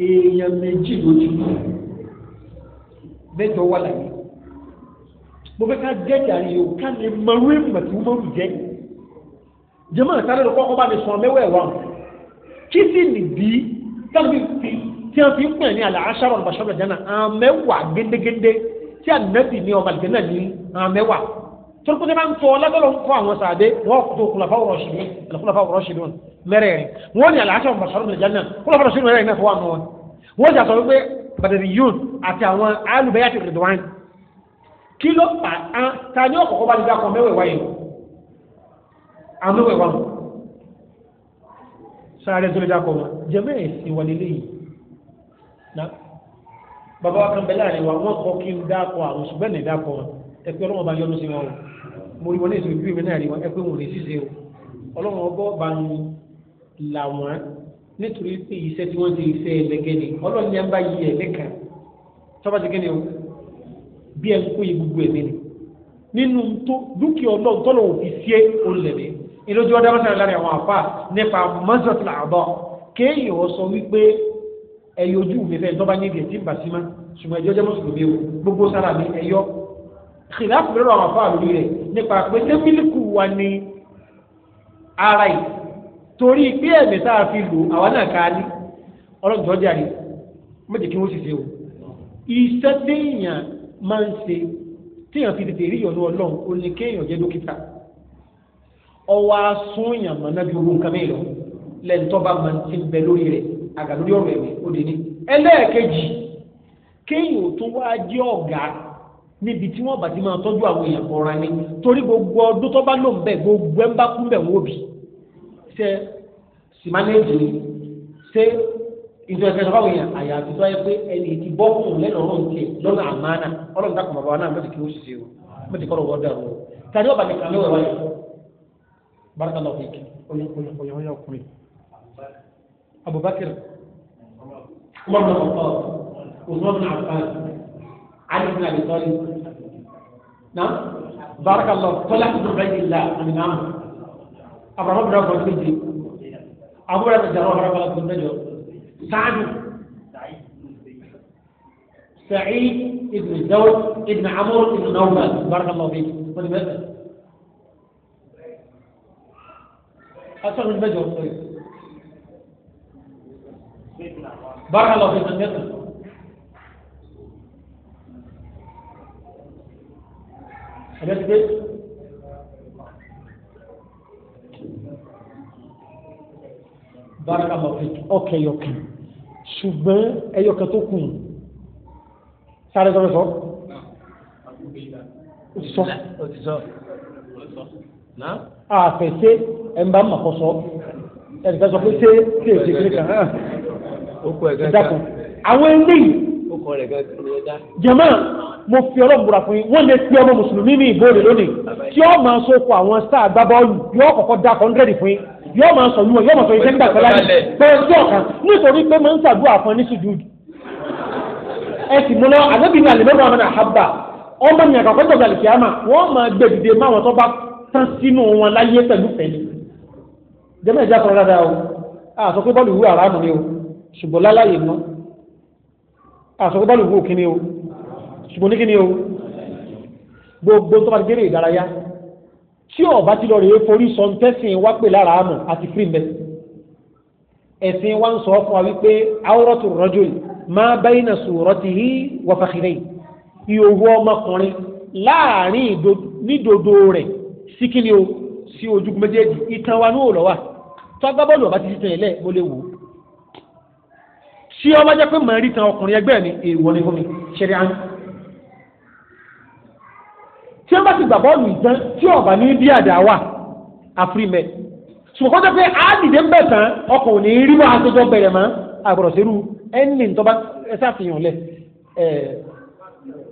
èèyàn méjì ló ti kú mẹ́jọ wà láyé mo fẹ́ ká gẹ́jà rí o ká lè mọ̀rú èèmọ̀ tí wọ́n mọ̀rú jẹ́ jẹ́mọ̀ ìtàlẹ́ ló kọ́kọ́ bá mi sọ mẹ́wẹ̀ẹ́wà kí sì nìdí tábìlì fi tí wọn fi ń pè ní àlàáṣàrọ̀ ìbáṣọ́rọ̀ jẹ́nà àmẹ́wà gédégédé tí ànábì ní ọmọ àlùjẹ́ náà ní àmẹ́wà turku ní ma ń tọ́ lábẹ́lẹ̀ ń kọ́ àwọn sàdé wọ́n kò tó kulafa rọ̀ṣìdì kulafa rọ̀ṣìdì wọn mẹ́rẹ̀ẹ̀rin wọ́n ní aláṣẹ wọn fàṣọrọ̀ lè jẹ́ náà kulafa rọ̀ṣìdì mẹ́rẹ̀ẹ̀rin náà fọwọ́ àmọ́ wọn. wọ́n jà sọ wípé badari yun àti àwọn alùbẹ́yà ti rìn dùwáìn kí ló pa á ta ní ọ̀kọ̀kọ̀ bá ti dákọ̀ mẹ́wẹ̀ẹ̀wá yìí àwọn mẹ́wẹ̀ẹ̀wá tó lè dákọ̀ wọn jẹ́mẹ́ ẹ̀sìn wà lélẹ́ yìí bàbá kan bẹ láàrin wa wọ́n kọ́ kí n dákọ̀ àwọn ṣùgbọ́n ní dákọ̀ wọn ẹgbẹ́ ọlọ́wọ́ bá yọnu sí wọn o mo rí wọn ní ìṣòro bíi mi náà rí wọn ẹgbẹ́ wọn ò lè ṣiṣẹ́ o ọlọ́wọ́ ọgbọ́ bá ń là wọ́n nítorí pé iṣẹ́ tí wọ́n ti iṣẹ́ ẹlẹ́gẹ́ ni ọlọ́ọ̀ni ẹ̀ ń bá yí ẹ̀lẹ́kà tọ́ba ti gẹ́ni o bí ẹ̀ ń kó yí gbogbo ẹ̀mí ni nínú tó dúkìá ọlọ́run tọ́lọ̀ òfin sí olùlẹ̀mí ìlójú ọdá mọ́sálà lára àwọn àfa nípa mọ́sọ̀tìlà àbọ̀ kéèyàn ó kìláàfù lọ́rọ̀ àwọn afáà lórí rẹ̀ nípa pé ṣé mílíkù wa ni ara yìí torí pé ẹ̀mí tá a fi lò àwa náà ká ní ọlọ́dún ọjà rẹ̀ méjì kí wọ́n sì ṣe o iṣẹ́ téèyàn máa ń ṣe téèyàn fi tètè rí ìyọ̀nù ọlọ́run ó ní kéèyàn jẹ́ dókítà ọwọ́ asúnyàn mọ̀nàbí owó nǹkan mìíràn lẹ́ńtọ́ bá máa ti bẹ lórí rẹ̀ àgà ọ̀rọ̀ ẹ̀mí ó lè ní ẹlẹ́ẹ̀kejì kéèyàn tó wá jẹ́ ọ̀gá níbi tí wọ́n bá ti máa tọ́jú àwọn èèyàn ọ̀ràn ni torí gbogbo ọdún tó bá lò ń bẹ̀ gbogbo ẹ̀ ń bá kú bẹ̀ ń wòbí ṣe sìmánéjì ṣe ìjọsìn ọ̀rọ̀ yẹn àyàfi tó yẹ pé ẹni ti bọ́ fún un lẹ́nu ọ̀rọ̀ nìkẹ́ lọ́nà àmàna ọlọ́run dàkọ̀ bàbá náà mẹ́tìkì ó ṣiṣẹ́ o mẹ́tìkì ọ̀rọ̀ wọ́dà o tàbí ọba nìkan ló wẹ̀ wáyé baraka lọ fi ọyọ ọkùnrin Abubakar Umar bin Khattab Usman bin Affan علي بن ابي طالب نعم بارك الله طلع بن عبيد الله من عمرو ابراهيم نعم. بن عبد المجد ابو بكر بن جراح رضي الله عنه نعم. نعم. سعد سعيد ابن الزوج ابن عمرو ابن نومان بارك الله فيك ولماذا؟ أصل من بجر بارك الله فيك من àjọṣe pé baraka mọ̀fìk ọkẹ̀ ẹyọkàn ṣùgbọ́n ẹyọkàn tó kù sáré sọ́rọ́ sọ. òtítọ́ òtítọ́ àfẹ̀sẹ̀ ẹ̀mbà mọ̀kọ́sọ ẹ̀ǹkan sọ pé ṣé ṣé èsì kìnìkan. ó kú ẹ̀gá ẹ̀ka. àwọn eléyìí jama mo fi ọlọ́run búra fún yín wọ́n lè pe ọmọ mùsùlùmí ní ìbòrè lónìí tí ó máa so fún àwọn sáà gbábọ́ọ̀lù yóò kọ́kọ́ dá kọ́ńdẹ́rì fún yín yóò máa sọ yíwọ yóò máa sọ iṣẹ́ nígbà pẹ́lá ní pẹ́ẹ́sì ọ̀kan nítorí pé máa ń ṣàdúrà fún ẹni sùjúdù ẹ sì múná ànábì ní àlẹ́ mẹ́rin àwọn àhábà ọmọ ní àkọ́kọ́ tó gbàlẹ̀ kíámà wọ́n máa gbé dìde máwọn tó bá tán sínú wọn láyé pẹ̀lú pẹ̀lú jẹ́mẹ̀ẹ́jà sọ rárá o àsọ pé bọ́ọ̀lù wú àrá mi o ṣùgbọ́n láláyè náà àsọ̀gbọ́lù wò kí ni o ṣùgbọ́n ní kí ni o gbogbo tó bá ti gẹ́rẹ́ ìdárayá tí ọba ti lọ rèé forí sọ ń tẹ́sìn wá pè lára àmọ̀ àti fíìmẹ̀ ẹ̀sìn wa ń sọ fún wa wípé awratu rajul ma bayna suratihi wa fakhidayhi ìhòòhò ọmọkùnrin láàrin nídodo rẹ̀ ni o sí ojúgun méjèèjì ìtàn wa ní òòlọ́wà tó agbábọ́ọ̀lù ọba ti ti tẹ̀lé mo tí ọba jẹ́ pé màá rí tan ọkùnrin ẹgbẹ́ mi èèwọ̀ ni fún mi ṣẹlẹ̀ án. tí wọ́n bá ti gbà bọ́ọ̀lù ìtàn tí ọba ní bí àdá wà àfúrímẹ̀ ṣùgbọ́n jẹ́ pé àádìdé ń bẹ̀ tán ọkọ̀ ò ní rí wàá tó jọ bẹ̀rẹ̀ mọ́ àbọ̀rọ̀ sẹ́rù ẹni tó bá ẹsẹ̀ àfihàn lẹ̀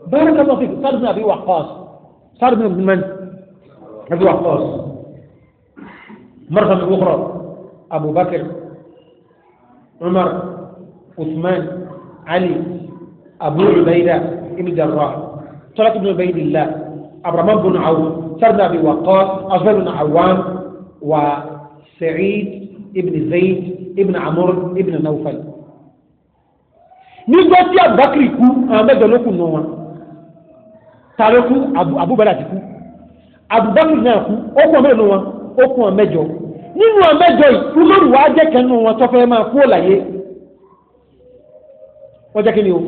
bẹ́ẹ̀rẹ̀ kan lọ́sẹ̀ sáàdùn àbí wà kọ́ọ̀s sáàdùn àbí mẹ́ni àbí wà kọ́ọ̀s mọ́rọ̀sán tó kúrọ̀ Abubakar Umar usman ali abu ubaida ibn jarrah tọ́lá ibn ubaidillah abraman bin awu sarna bi waqas asfar bin awam wa sa'id ibn zayd ibn amur ibn nawfal nígbà tí abubakar kú àwọn mẹ́jọ ló kù nù wọn tààrẹ kú abubakar ti kú abubakar náà kú ó kún ọmọ wọn ó kún ọmọ mẹ́jọ nínú ọmọ mẹ́jọ yìí umaru wa jẹ kẹnu wọn tó máa kú ọlàyé ọjà kí ni o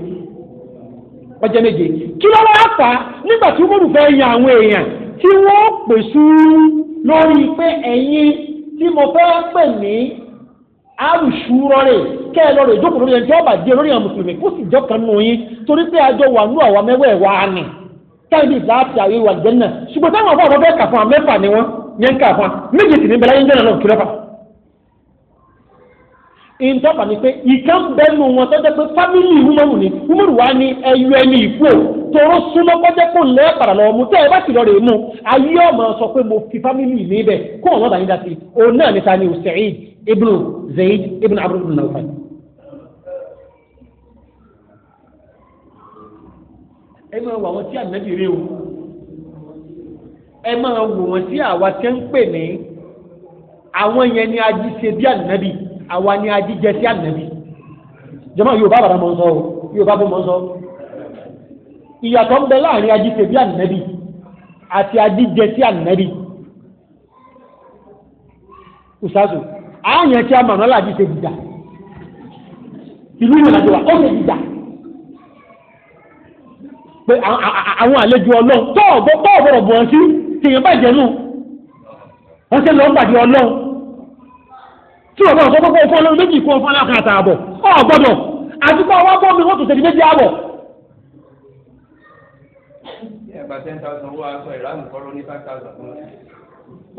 ọjọ́ méje kí ló wá fà á nígbà tí umaru fẹ́ yan àwọn èèyàn tí wọ́n pè sùúrù lórí pé ẹ̀yin tí mo fẹ́ pè ní àrùsù kẹ́ ẹ lọ́rọ̀ ìjókòó lórí ẹni tí wọ́n di olórí àwọn mùsùlùmí kó sì jọ kan nù yín torí pé àjọ wà nù àwa ni káyọ̀dé àwọn ìwà náà ṣùgbọ́n táwọn bẹ́ẹ̀ kà fún wa mẹ́fà ni wọ́n yẹn kà fún wa ìtọ́fà ni pé ìka ń bẹnu wọn tó jẹ́ pé fámìlì húmọ́rù ni húmọ́rù wa ni ẹyọ ẹni ìfú o tóró súnmọ́ kọjá kó lẹ́ padà lọ́wọ́ mu tẹ́ ẹ bá ti lọ rè mú ayé ọmọ sọ pé mo fi fámìlì mi bẹ̀ kó wọn lọ́dà yín dá sí i òun náà níta ni Sa'id ibn Zayd ibn Amr ibn Nawfal. ẹ máa wọ àwọn tí ànábì rí o ẹ máa wọ wọn tí àwa tẹ́ ń pè ní àwọn yẹn ni àwa ni ajíjẹ sí ànábì jọmọ yóò bá bàbá mọ sọ o yóò bá bó mọ sọ ìyàtọ̀ ń bẹ láàrin ajíjẹ bí ànábì àti ajíjẹ sí ànábì ìsásù àáyàn tí a mọ̀ náà láti ṣe ìlú ìrìnàjò wa ó ṣe dìjà pé àwọn àlejò ọlọ́run tọ́ọ̀bọ̀ tọ́ọ̀bọ̀ bọ̀ sí tèèyàn bàjẹ́ nù wọ́n ṣe lọ́ọ́ pàdé ọlọ́run tí ọ̀bọ̀ ọ̀sọ́ gbogbo ọ̀fọ́ lórí méjì kó ọ̀fọ́ láàkà àtààbọ̀ ọ̀ gbọ́dọ̀ àti kó ọwọ́ bọ́ọ̀mù wọ́n tó tẹ̀lé méjì àbọ̀.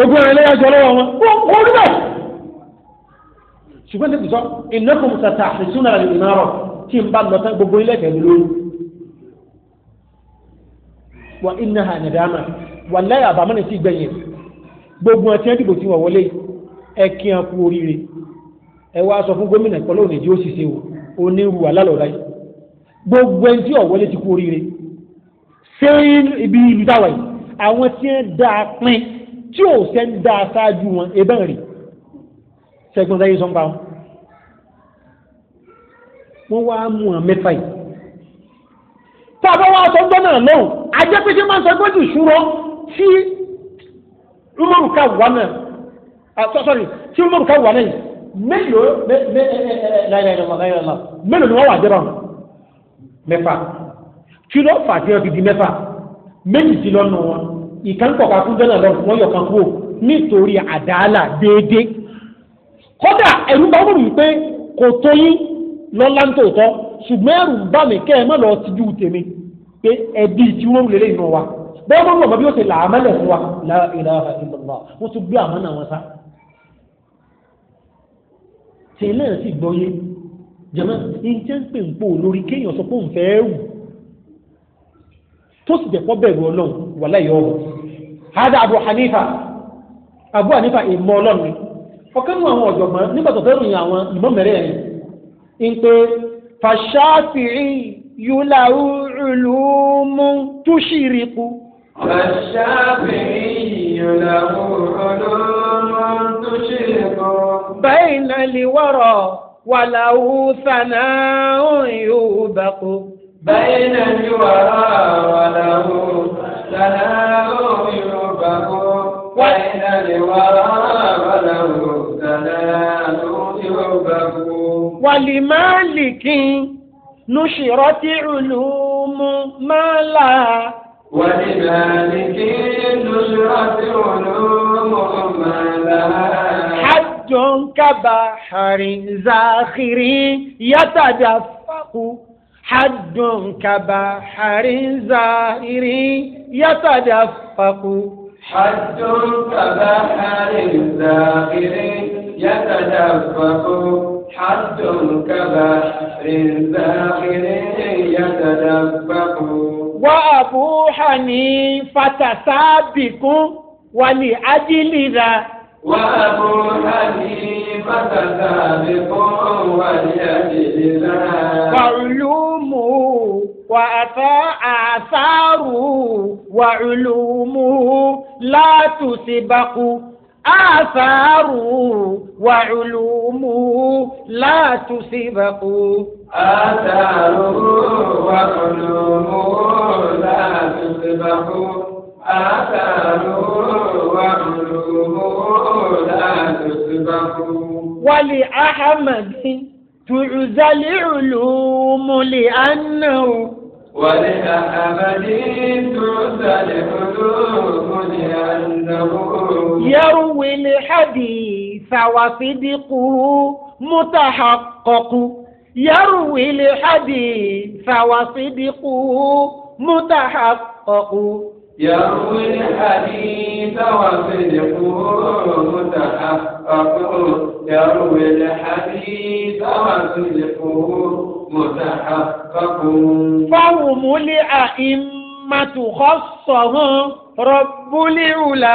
ogun ẹ̀rẹ́ lẹ́yà jọ lọ́wọ́ wọn kó rí bẹ́ẹ̀. ṣùgbọ́n tètè sọ ìnákùn mùsàtà náà lè nàárọ̀ tí n bá lọ tán gbogbo ilé ẹ̀kẹ́ lórí. wà iná hàn nàdàmà wà láyà àbámọ́ ẹ kí wọn kú oríire ẹ wá sọ fún gómìnà ìpínlẹ̀ òní tí ó sì ṣe o onírúurú alálọ̀ọ́dá yìí gbogbo ẹni tí ọ̀wọ́lé ti kú oríire ṣé ibi ìlú táwa yìí àwọn tí ń da pín tí ò sẹ́ ń da ṣáájú wọn ebẹ́ rè ṣẹ́gun sẹ́yìn sọ́npa wọn wọ́n wá mú wọn mẹ́fà yìí tá a bá wá sọ gbọ́n náà lọ́hùn ajẹ́pẹ́sẹ́ máa ń sọ gbọ́dọ̀ ìṣúrọ́ tí rúmọ̀rù ká wà náà Ah, sọ́sọ́rì tí umaru ká wà lẹ́yìn mélòó mélòó ni wọ́n wà jẹ́rọ̀ mẹ́fà kí ló fà tí wọ́n fi di mẹ́fà méjì ti lọ́nu wọn ìkànkọ̀ kakún jẹ́ náà lọ́nu wọ́n yọ kan kúrò nítorí àdáálà déédéé kódà ẹ̀rú bá wọ́n rí pé kò tó yín lọ́lá ń tòótọ́ ṣùgbọ́n ẹ̀rù ń bà mí kẹ́ ẹ má lọ tijú tèmi pé ẹbí tí wọ́n lè lè nù wa bẹ́ẹ̀ wọ́n mọ̀ bí ó ṣe làámẹ́lẹ̀ fún wa la ilaha illallah wọ́n tún gbé àmọ́ náà wọn sá tẹ̀lé ẹ̀ sì gbọ́yé jẹ̀mọ́ ìjẹ́ ń pè ń pò lórí kéèyàn sọ pé òun fẹ́ wù tó sì jẹ́ pọ́ bẹ̀rù ọlọ́run wà láyọ̀ ọ̀rọ̀ hada abu hanifa abu hanifa ìmọ̀ ọlọ́run ọ̀kan nínú àwọn ọ̀jọ̀gbọ́n nígbà tó fẹ́ àwọn ìmọ̀ mẹ́rẹ̀ ẹ̀ ń pé fàṣáfìrí yúláwù ìlú والشافعي له علوم تشرق بين الورى وله ثناء يوبق بين الورى وله ثناء يوبق بين الورى وله ثناء يوبق ولمالك نشرت علوم ما لا ولمالك النشرة علوم ما حد كبحر زاخر يتدفق حد كبحر زاهر يتدفق حد كبحر زاخر يتدفق حد كبحر زاخر يتدفق وأبو حنيفة سابق ولأجل ذا وأبو حنيفة سابق ولأجل ذا وعلومه وآثاره وعلومه لا تسبق آثاره وعلومه لا تسبق آثاره وعلومه لا تسبق آثاره وعلومه لا تسبق ولأحمد تعزى العلوم لأنه ولأبد تعسى الحدود لأنه يروي الحديث وصدقه متحقق يروي الحديث وصدقه متحقق يروي الحديث وصدقه متحقق يروي الحديث وصدقه fáwùmù lé àìmàtù kọ́sọ̀hún rọ̀bùlì ùlà.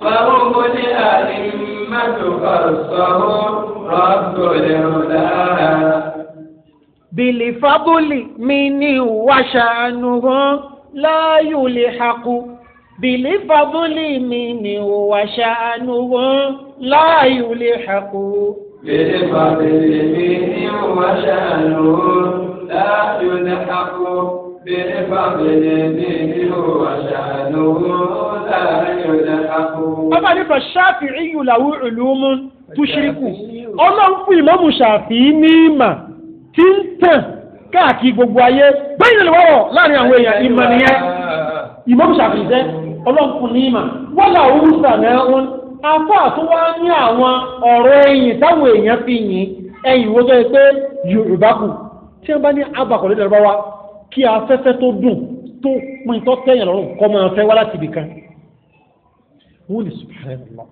fáwùmù lé àìmàtù kọ́sọ̀hún rọ̀bùlì ùlà. bìlì fábùlì mi ní wàṣàánùhún láàyò lè hàkú bìlì fábùlì mi ní wàṣàánùhún láàyò lè hàkú. بالفضل منه وشأنه لا يلحق بالفضل منه وشأنه لا يلحق. bàbá nípa ṣáàfìrí yìí làwọn ìlúmú tó ṣíríkù ọlọ́run fún ìmọ̀mù ṣàfìí ní ìmà tí ń tàn káàkiri gbogbo ayé bẹ́ẹ̀ ni lọ́wọ́ láàrin àwọn èèyàn ìmọ̀ nìyẹn ìmọ̀mù ṣàfìí jẹ́ ọlọ́run fún ní ìmà wọ́n làwọn òwúṣà náà ń afọ àtúwá ní àwọn ọ̀rọ̀ ẹ̀yìn táwọn èèyàn fi yìn ẹ̀yìn wo tó yorùbá kù tí wọ́n bá ní abàkọ̀lẹ́ dàrúbá wa kí afẹ́fẹ́ tó dùn tó pin tó tẹ̀yìn lọ́rùn kọ́ máa fẹ́ wá láti ibìkan. wọ́n lè subhanallah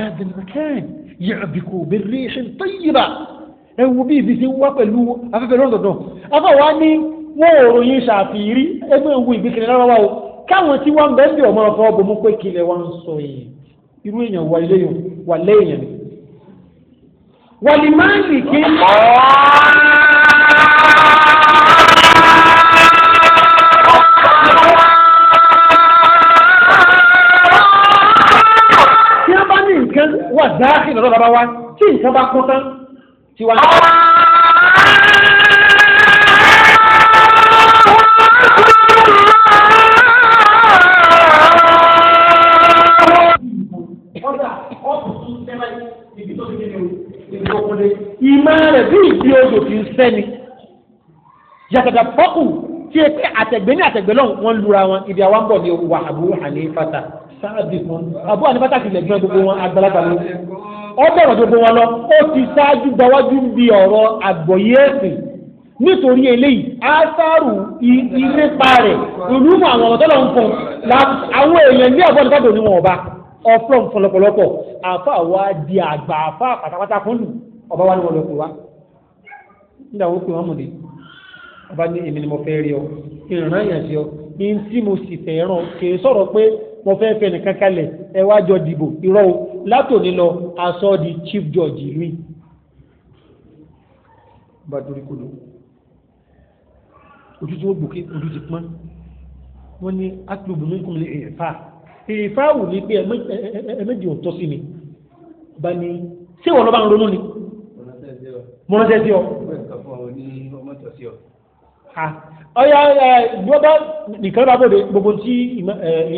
هذا المكان يعبك بالريح الطيبة ẹ wo bí ibi ti ń wá pẹ̀lú afẹ́fẹ́ lọ́dọ̀ náà wa ní wọ́n ò ròyìn ṣàfihàn ẹgbẹ́ òwú ìgbékele lọ́wọ́ wa o káwọn tí wọ́n irú èèyàn wà ilé yìí wà lẹ́yìn ni. wàlí máa lè ké. tí wọ́n bá ní nǹkan wà dáhìí lọ́dọ̀ bàbá wa tí nǹkan bá kún tán tí wọ́n á. ìdókòlè ìmọ̀ rẹ̀ bí ìdí odò kì í sẹ́ni yàtọ̀tà fọ́kù tí e pé àtẹ̀gbẹ́ ní àtẹ̀gbẹ́ lọ́hùn wọ́n lura wọn ibi àwọn ń bọ̀ ní wà Abu Hanifata sáàbì fún Abu Hanifata ti lẹ̀gbọ́n gbogbo wọn agbálagbà ló ọ bọ̀rọ̀ gbogbo wọn lọ ó ti ṣáájú gbawájú bí ọ̀rọ̀ àgbọ̀yé ẹ̀sìn nítorí eléyìí ásáàrù ilé pa rẹ̀ ìlú mọ àwọn ọ̀tọ́lọ́ ń fún àwọn èèyàn ní àbọ̀ nípa ọ̀pọ̀ fọlọpọlọpọ̀ àfa wa di àgbà àfa pátápátá fún lù ọba wa ni wọn lọ pè wá nígbà wo pé wọn mọ̀ dé ọba ní èmi ni mo fẹ́ rí ọ ìrìnà yàn sí ọ ní tí mo sì fẹ́ràn kì í sọ̀rọ̀ pé mo fẹ́ fẹ́ nìkan kalẹ̀ ẹ wá jọ dìbò irọ́ o látòní lọ aṣọ di chief judge ìlú yìí bá dorí kodò ojú tí wọ́n gbòkè ojú ti pọ́n wọ́n ní atúbù mi kún lè fà á ìfáwù ní pé ẹ̀mẹ́jì ò tọ́ sí mi bá ní ṣé wọn lọ bá ń ronú ni mo ránṣẹ́ sí ọ. ọ̀yà ìjọba nìkan bá bòde gbogbo tí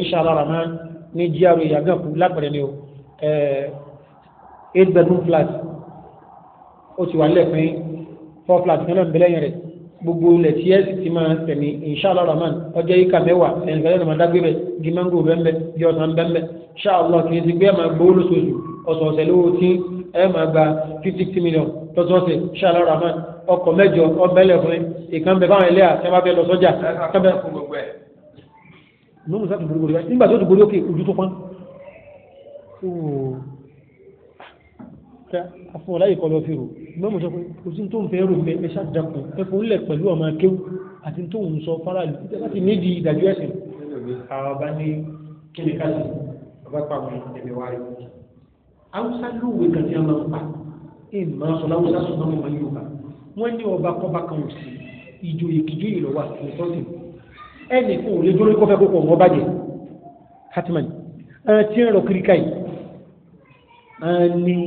inshallah rahman ní gra ìyàgànkù lápẹ̀rẹ̀ ni o eight bedroom flat ó ti wà lẹ́ẹ̀pin four flat kan náà ń bẹ lẹ́yìn rẹ̀ gbogbo ilẹ̀ tí ẹ̀ sì ti máa tẹ̀mí inṣàlá rahman ọjọ́ ìka mẹ́wàá ẹnìkanlẹ́ ọ̀nà dágbébẹ̀ bí mango bẹ́ẹ̀ bí ọ̀sán bẹ́ẹ̀ ṣáàlọ́ kì í ti gbé ẹ̀ máa gbowó lóṣooṣù ọ̀sọ̀ọ̀sẹ̀ lówó tí ẹ̀ máa gba fifty six million lọ́sọ̀ọ̀sẹ̀ ṣáàlá rahman ọkọ̀ mẹ́jọ ọbẹ̀lẹ̀ fún ìkan bẹ fáwọn ẹlẹ́yà tẹ́ bá fẹ́ lọ sọ́jà tẹ́bẹ̀ nígbà tó ti borí òkè ojú ìmọ̀mù sọ pé kò sí tó ń fẹ́ rò mẹ́ ṣàdàkùn ẹkùn ńlẹ̀ pẹ̀lú ọmọ akéwù àti tó ń sọ faraàlú láti nídìí ìdájọ́ ẹ̀sìn. àwọn ọba ní kíni káàsì ọba pa àwọn ẹ̀mí wa rí. haúsá lóòwe kan tí a máa ń pa ìmọ̀ sọ láwùsá sọ náà mọ̀ yorùbá wọ́n ní ọba kọ́ba kan ò sí ìjò ìkìjú ìlọ́wà ìtọ́sìn ẹ̀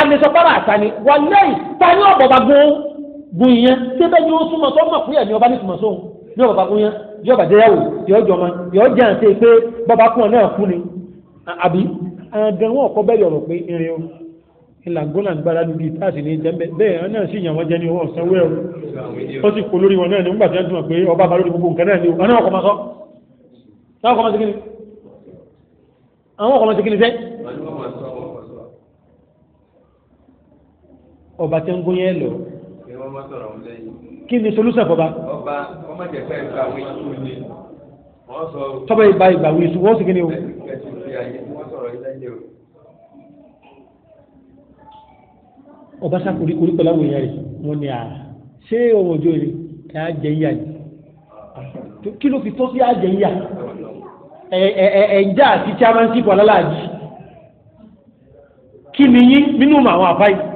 àmìsọ̀pára àtàní wàlẹ́yìn tani ọ̀bọ̀bà gun gun yẹn síbẹ̀ ni ó súnmọ́ sọ́mọ̀ fún ẹ̀mí ọba ní súnmọ́ sóhun ní ọ̀bọ̀bà gun yẹn yóò bàjẹ́ yàwó yóò jọmọ yóò jẹ́ àǹtẹ̀ pé bàbá kún ọ náà kú ni àbí àgàn wọn kọ bẹ́ẹ̀ yọ̀rọ̀ pé irin o ìlàgbọ́nà gbára ní bíi táàsì ní jẹ́ bẹ́ẹ̀ wọn náà sì yàn wọ́n jẹ́ ní owó ọ̀sán wẹ́ẹ̀ o ó sì kó lórí wọn náà nígbà tí wọ́n tún mọ̀ pé ọba bá lórí gbogbo nǹkan náà ni wọn náà kọ́ máa sọ náà kọ́ máa ṣe kí ọba tí ń gún yẹn lọ. kí ni solúsẹ̀ fọba. ọba ọmọ jẹ fẹ́ gba àwọn iṣu ni wọ́n sọ. tọ́ba ìgbà ìgbà àwọn iṣu wọ́n sì kíni o. ọba sá kúrí kúrí pẹ̀lú àwọn èèyàn rẹ̀ wọ́n ní a ṣé ọmọ òjò rẹ̀ kí á jẹ ìyá yìí ah. kí ló fi tọ́ sí àjẹ ìyá ẹ̀ẹ́dá àti chairmanship ọ̀làlájì kí ni yín nínú àwọn àbáyé.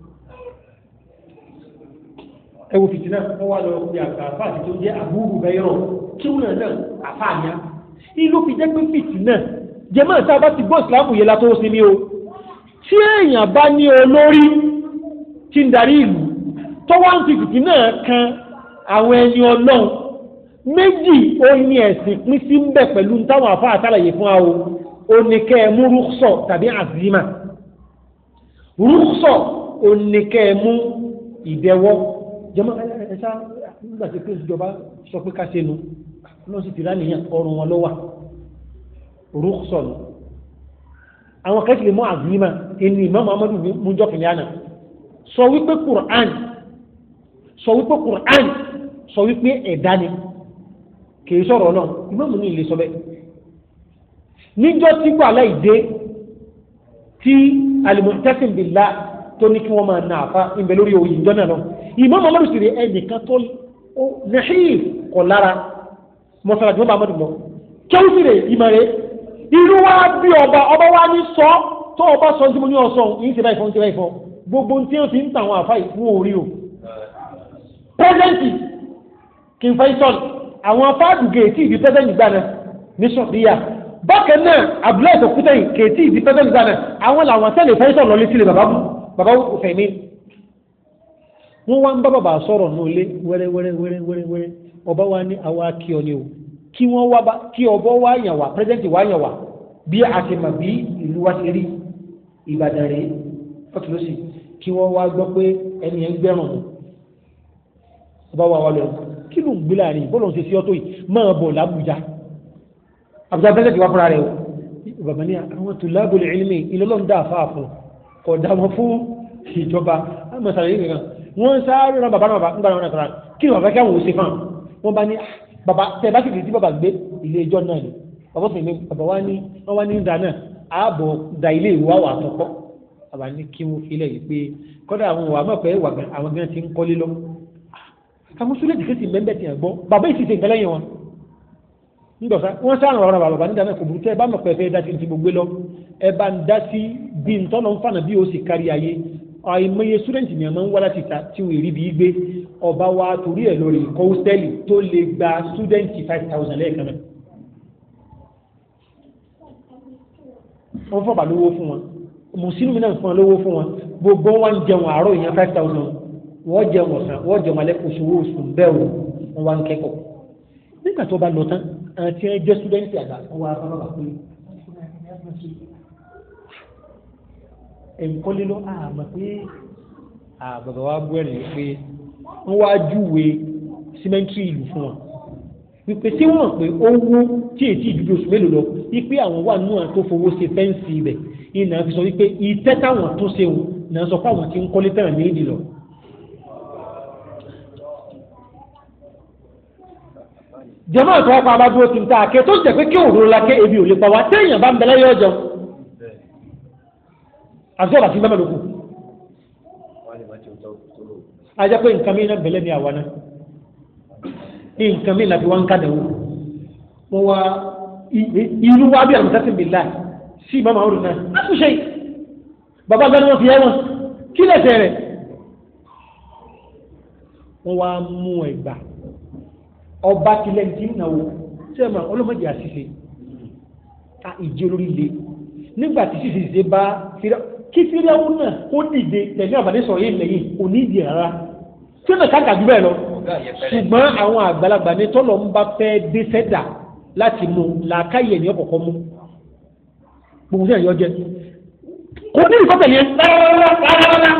ẹwọ fìtínà wọn ya lọ pé àgbà àfáàdì tó jẹ àbúrò bẹyọrọ kí wọn náà àfáàyà ìlú fi jẹ pé fìtínà jẹmọ ìta bá ti gbọ́ ìsìlámù yẹn látọwọ́ sí ni o tí èèyàn bá ní olórí tí ń darí ìlú tọwọ́ ń fi fìtínà kan àwọn ẹni ọlọ́run méjì ó ní ẹ̀sìn pín sí ń bẹ̀ pẹ̀lú táwọn àfáà sàlàyé fún wa o oníkẹ́ mú rúkṣọ tàbí àzìmà rúkṣọ oníkẹ́ mú ìdẹ́wọ́ jẹmọ́ ẹ̀ṣá nígbàtí pé ìjọba sọ pé ká ṣe nu lọ́n sì ti rá nìyàn ọrùn wọn lọ́wà rúkṣọ̀nù àwọn kẹ́sì lè mọ́ àgbìmá ẹni Imam Muhammadu mújọ́ kìlíànà sọ wípé Qur'an sọ wípé Qur'an sọ wípé ẹ̀dá ni kìí sọ̀rọ̀ náà Imam ní ilé sọ bẹ́ẹ̀ níjọ́ tí kò aláìdé tí al-mu'tasim billah tó ní kí wọ́n máa nà àfa ìbẹ̀ lórí òyìnjọ́ náà náà ìmọ̀ mamadu sì rí ẹnìkan tó nàhí kọ̀ lára mọ̀sára jùmọ̀ mamadu mọ̀ kéwù sì rí ìmọ̀ rẹ̀ irú wa bí ọba ọba wa ní sọ tó ọba sọ ní mo ní ọsọ yìí ṣe báyìí fún ṣe báyìí fún gbogbo tí ó ti ń tàwọn àfa ìfún orí o pẹ́sẹ́ǹtì kì í fẹ́ sọ̀rọ̀ àwọn afáàdù gèétì ìdí pẹ́sẹ́ǹtì gbà náà ní sọ̀díyà bákan náà abúlé ìtòkútẹ́ kèétì ìdí pẹ́sẹ́ǹtì gbà náà àwọn làwọn tẹ́lẹ̀ fẹ́ sọ̀rọ̀ lọ bàbá fẹ̀mí wọ́n wá ń bá bàbá sọ̀rọ̀ ní ilé wẹ́rẹ́wẹ́rẹ́wẹ́rẹ́ ọba wa ní àwa kí ọ ni o kí wọ́n wá bá kí ọbọ wá yàn wá pírẹ́sẹ̀ntì wá yàn wá bí a ti mọ̀ bí ìlú wa ti rí Ìbàdàn rèé fọ́tùlọ́sì kí wọ́n wá gbọ́ pé ẹni yẹn gbẹ́rùn ún ọba wa wà lọ kí ló ń gbé láàrin bọ́ọ̀lù ń ṣe sí ọ́tò yìí máa bọ̀ làbújá àbújá pírẹ́sẹ̀ntì wá fúnra rẹ̀ o bàbá ní àwọn tùlábùl ilmi ìlọ́lọ́ ń dá àfáà fún kọ̀ọ̀dà fún ìjọba àmọ̀ sàlẹ̀ yìí nìkan wọ́n sáré ran bàbá bàbá ńgbà wọn nàkàrà kí ni bàbá kí àwọn òsè fún wọn bá ní ah, bàbá tẹ bá sì lè tí bàbá gbé ilé ẹjọ́ náà ni bàbá sì ní bàbá wa ní wọn wá ní ìdá náà ààbò da ilé ìwà wà àtọkọ bàbá ní kí wọn fi lẹ́yìn pé kódà àwọn wà mọ̀ pé àwọn gan ti ń kọ́lé lọ ah, àwọn sùlẹ̀ ti kéde mẹ́mbẹ́ ti hàn gbọ́ bàbá yìí ti ṣe ìgbẹ́lẹ́yìn wọn ńdọ̀sá wọn sáré ran bàbá bàbá nígbà náà kò burú tẹ́ ẹ bá mọ̀ pé ẹ dá sí ti gbogbo lọ ẹ bá ń dá sí bí ntọ́nà ń fànà bí ó sì kárí ayé àìmọye sùdẹ́ǹtì ni ọmọ ń wá láti ta tí wọ́n rí bí gbé ọba wa torí ẹ̀ lórí ikọ̀ hòtẹ́ẹ̀lì tó lè gba sùdẹ́ǹtì five thousand lẹ́ẹ̀kan náà. wọ́n fọ́ba lówó fún wọn mùsùlùmí náà fún wọn lówó fún wọn gbogbo wọn jẹun àárọ̀ ìyẹn five thousand wọ́n jẹun ọ̀sán wọ́n jẹun alẹ́ kò sówó oṣù bẹ́ẹ̀ o wọ́n wá ń kẹ́kọ̀ọ́ nígbà tó bá lọ tán àti ẹjọ́ sùdẹ́ǹtì àgbà wọ́n wá fọ́nà bàbá pé nkọ́lé lọ àmọ́ ah, pé àbàbà ah, wa bú ẹ̀rìn pé wọ́n wá júwe símẹ́ńtírì ìlú fún wọn wípé tí wọ́n pé owó tí èyí tí ìdúdú oṣù mélòó lọ wípé àwọn wà nù àtó fowó ṣe fẹ́ǹsì ibẹ̀ ìnà fi sọ wípé ìtẹ́ táwọn tó ṣe òun náà sọ fáwọn tí ń kọ́lé tẹ̀rẹ̀ méjì lọ. jẹ́mọ́ àtọ́wọ́pá abádúró ti ń ta àké tó sì jẹ́ pé kí òru la ké ebi ò lè pa wá téèyàn bá ń bẹ lẹ́yìn ọjọ́ àti ọ̀bà tí bẹ́ẹ̀ lókù. a jẹ́ pé nǹkan mi náà bẹ̀lẹ̀ ní àwa náà ní nǹkan mi láti wá ń kádà wò wọ́n wá irú wa bí àmì sátì bìlá sí ìbámu àwọn olùnà àtúnṣe bàbá gbẹ́ni wọn fi ẹ́ wọn kí lẹ́sẹ̀ rẹ̀ wọ́n wá mú ẹ̀gbà ọba tilẹ̀ ti ń náwó sẹ́ẹ̀mà ọlọ́mọdé àṣìṣe ìjẹ́ olórí le nígbà tí ṣìṣe bá kí fíríàwó náà kó dìde tẹ̀lé àbádé sọ̀rọ̀ yìí lẹ́yìn kò ní ìdí rárá tí ọ̀nà káàkà jù bẹ́ẹ̀ lọ ṣùgbọ́n àwọn àgbàlagbà ní tọ́lọ̀ ń bá fẹ́ dé sẹ́dà láti mú làákàyè ní ọ̀kọ̀ọ̀kọ̀ mú gbogbo sí ẹ̀yọ́ jẹ kò ní ìkọ́ tẹ̀lé rárá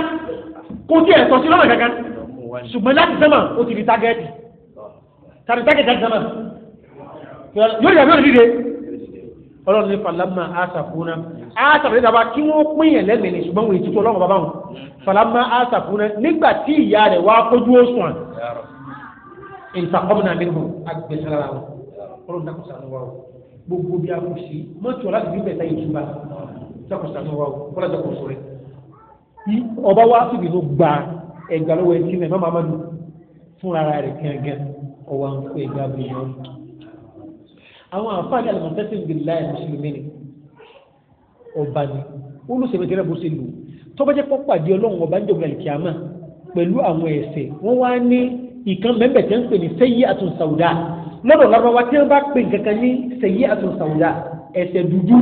kò tí ẹ̀ sọ sí lọ́nà kankan ṣùgbọ́n láti sẹ́mà ó ti di tágẹ́ẹ̀tì tàbí tágẹ́ẹ̀tì láti sẹ́mà yóò ọlọ́run ní falama asàfúnà asàfúnà dàbà kí wọ́n pín yẹn lẹ́mìí ni ṣùgbọ́n wọ́n ètùtù ọlọ́run bàbá wọn falama asàfúnà nígbà tí ìyá rẹ̀ wá kójú òṣùwọ̀n ìtàkọ́mùnà mi hù agbèsára wọn ọlọ́run dàkọ̀sà ni o gbogbo bí a kò sí mọ́tò ọ̀la tìbí bẹ̀ta ìtura dàkọ̀sà ni wọ́n kọ́lá dàkọ̀sọ rẹ̀ ọba wa síbi ló gba ẹgbàá lọ́wọ́ ẹtí náà àwọn àfáàjì àlùmọ̀tẹ́sì ń bìlá ẹ̀ mùsùlùmí ni ọba ni olùsèmẹtẹrẹ bó ṣe lù tọ́ba jẹ́ pọ́pàdé ọlọ́run ọba ń jọ̀gbìn àlìkíyàmá pẹ̀lú àwọn ẹ̀ṣẹ̀ wọ́n wá ní ìkan mẹ́mbẹ̀ tẹ́ ń pè ní sẹ́yí àtún sàwùdà lọ́dọ̀ lọ́rọ́wá tí wọ́n bá pè kankan ní sẹ́yí àtún sàwùdà ẹ̀ṣẹ̀ dúdú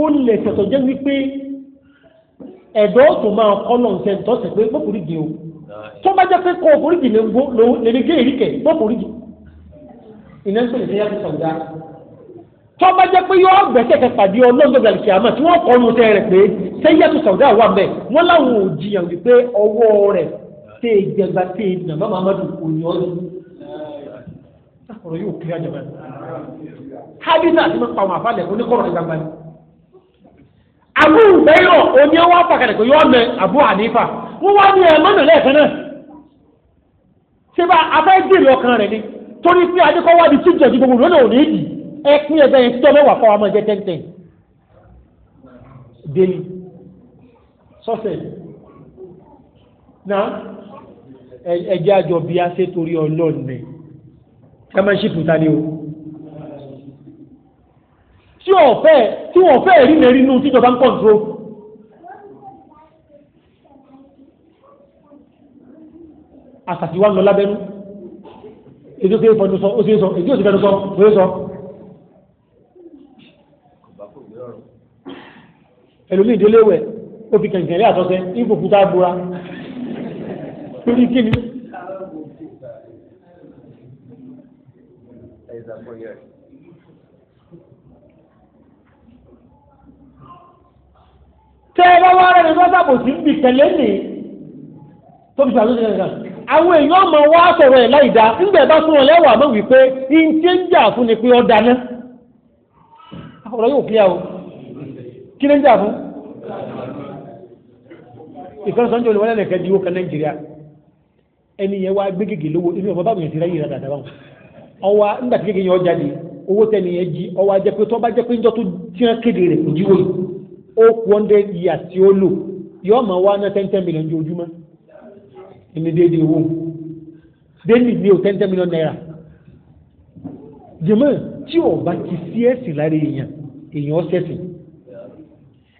ó lè ṣẹ̀tọ̀ jẹ́ wípé ẹ̀dọ́ tó máa kọ́ lọ́n sẹ́ tọ́sẹ̀ pé bọ́kùrìjì o tó tó bá jẹ́ pé yóò gbẹ́sẹ̀ kẹta di ọlọ́gbẹ̀gbẹ̀ àti àmọ́ tí wọ́n kọ́nu tẹ́ rẹ̀ pé sẹ́yẹ́tù sọ̀dá wà mẹ́ wọ́n láwọn ò jiyàn wípé ọwọ́ rẹ̀ tẹ́ ìjẹgba tẹ́ ìdìnnà bá mamadu òyìn ọdún. ọ̀rọ̀ yóò kí ajọba ni. hadith àti mọ́pá àwọn àfàlẹ̀ oníkọ̀rọ̀ ìgbàgbà ni. àbú ìgbẹ́yọ̀ oní ọwọ́ àpàkàdé kò yọ ọmọ àbú ànífà wọ́n wá ní ẹ̀mọ́nà lẹ́ẹ̀kan náà. ṣé bá afẹ́ jèrè ọkàn rẹ̀ ni torí pé adékọ́wá di tíjẹ̀ ju gbogbo lọ́nà òní yìí ẹ pín ẹgbẹ́ yẹn tó mẹ́wàá fáwọn ọmọ ẹgbẹ́ ten ten daily success náà ẹjẹ́ àjọ bíi aṣẹ torí ọlọ́ọ̀nì chairmanship ta ni o tí wọ́n fẹ́ tí wọ́n fẹ́ rí lè rí inú tíjọba ń control. àtàtì wa ń lọ lábẹ́nú èdè tó ń fọdún sọ ó sì ń sọ èdè òsì fẹ́ẹ́ sọ òye sọ. ẹlòmí ìdílé wẹ̀ ó fi kẹ̀kẹ́ lé àtọ́sẹ́ ìfòkúta bora lórí kíni. tẹ́ ẹ bá wá rẹ̀ lọ́wọ́ sàbòsí ń bì tẹ̀lé mi tó fi ṣàtúnṣe kankan àwọn èèyàn ọmọ wa sọ̀rọ̀ ẹ̀ láì dáa nígbà bá súnmọ́ lẹ́wọ̀ àmọ́ wípé ìǹtí ń jà fún ni pé ó dáná ọ̀rọ̀ yóò fi hàn o. kí ló ń jà fún ìfẹ́sọ̀ ń jọ olùwọ́lẹ̀ nìkan di owó nàìjíríà ẹni yẹn wá gbé gègé lówó inú ọmọ báwo yẹn yìí ráyè rádà dábàá ọwọ́ nígbà tí gègé yẹn ọjà di owó tẹni yẹn jí ọwọ́ ajẹ́ pé tó bá jẹ́ pé ń jọ tó kéde rẹ̀ kò yìí ó kú ọ́ndẹ́ ó lò yọ wa ná ten ten million ju ojúmọ́ ẹni déédéé ní o ten ten naira jẹ̀mọ́ tí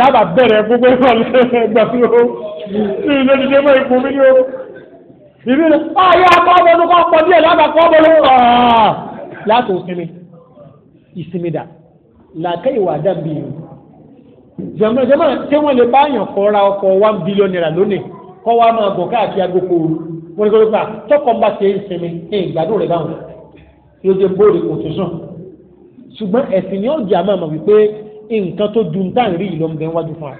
lábà bẹ̀rẹ̀ gbogbo ẹ̀fọ́ gbà fún o ní ilé dídé mọ́ ipò mi ní o ìbí rẹ̀ ayé akọ́ ọmọdé kọ́ pọ̀ díẹ̀ lábà kọ́ ọmọdé ọ̀ọ́ ah! láti òsinmi ìsinmi dà làákẹ́ ìwà dàbí jẹmọ jẹmọ tí wọn lè bá yàn kọ ra ọkọ one billion naira lónìí kọ wa máa bọ káàkiri agogo ooru wọn ní kó ló fà tọkọ ń bá ṣe é sinmi ẹ ìgbádùn rẹ báwọn yóò bóòlù kò tó sùn ṣùgbọ́n ẹ̀sìn ni ó jẹ àmọ́ àmọ́ wípé nǹkan tó dùn tá à ń rí ìlọ ńbẹ wájú fún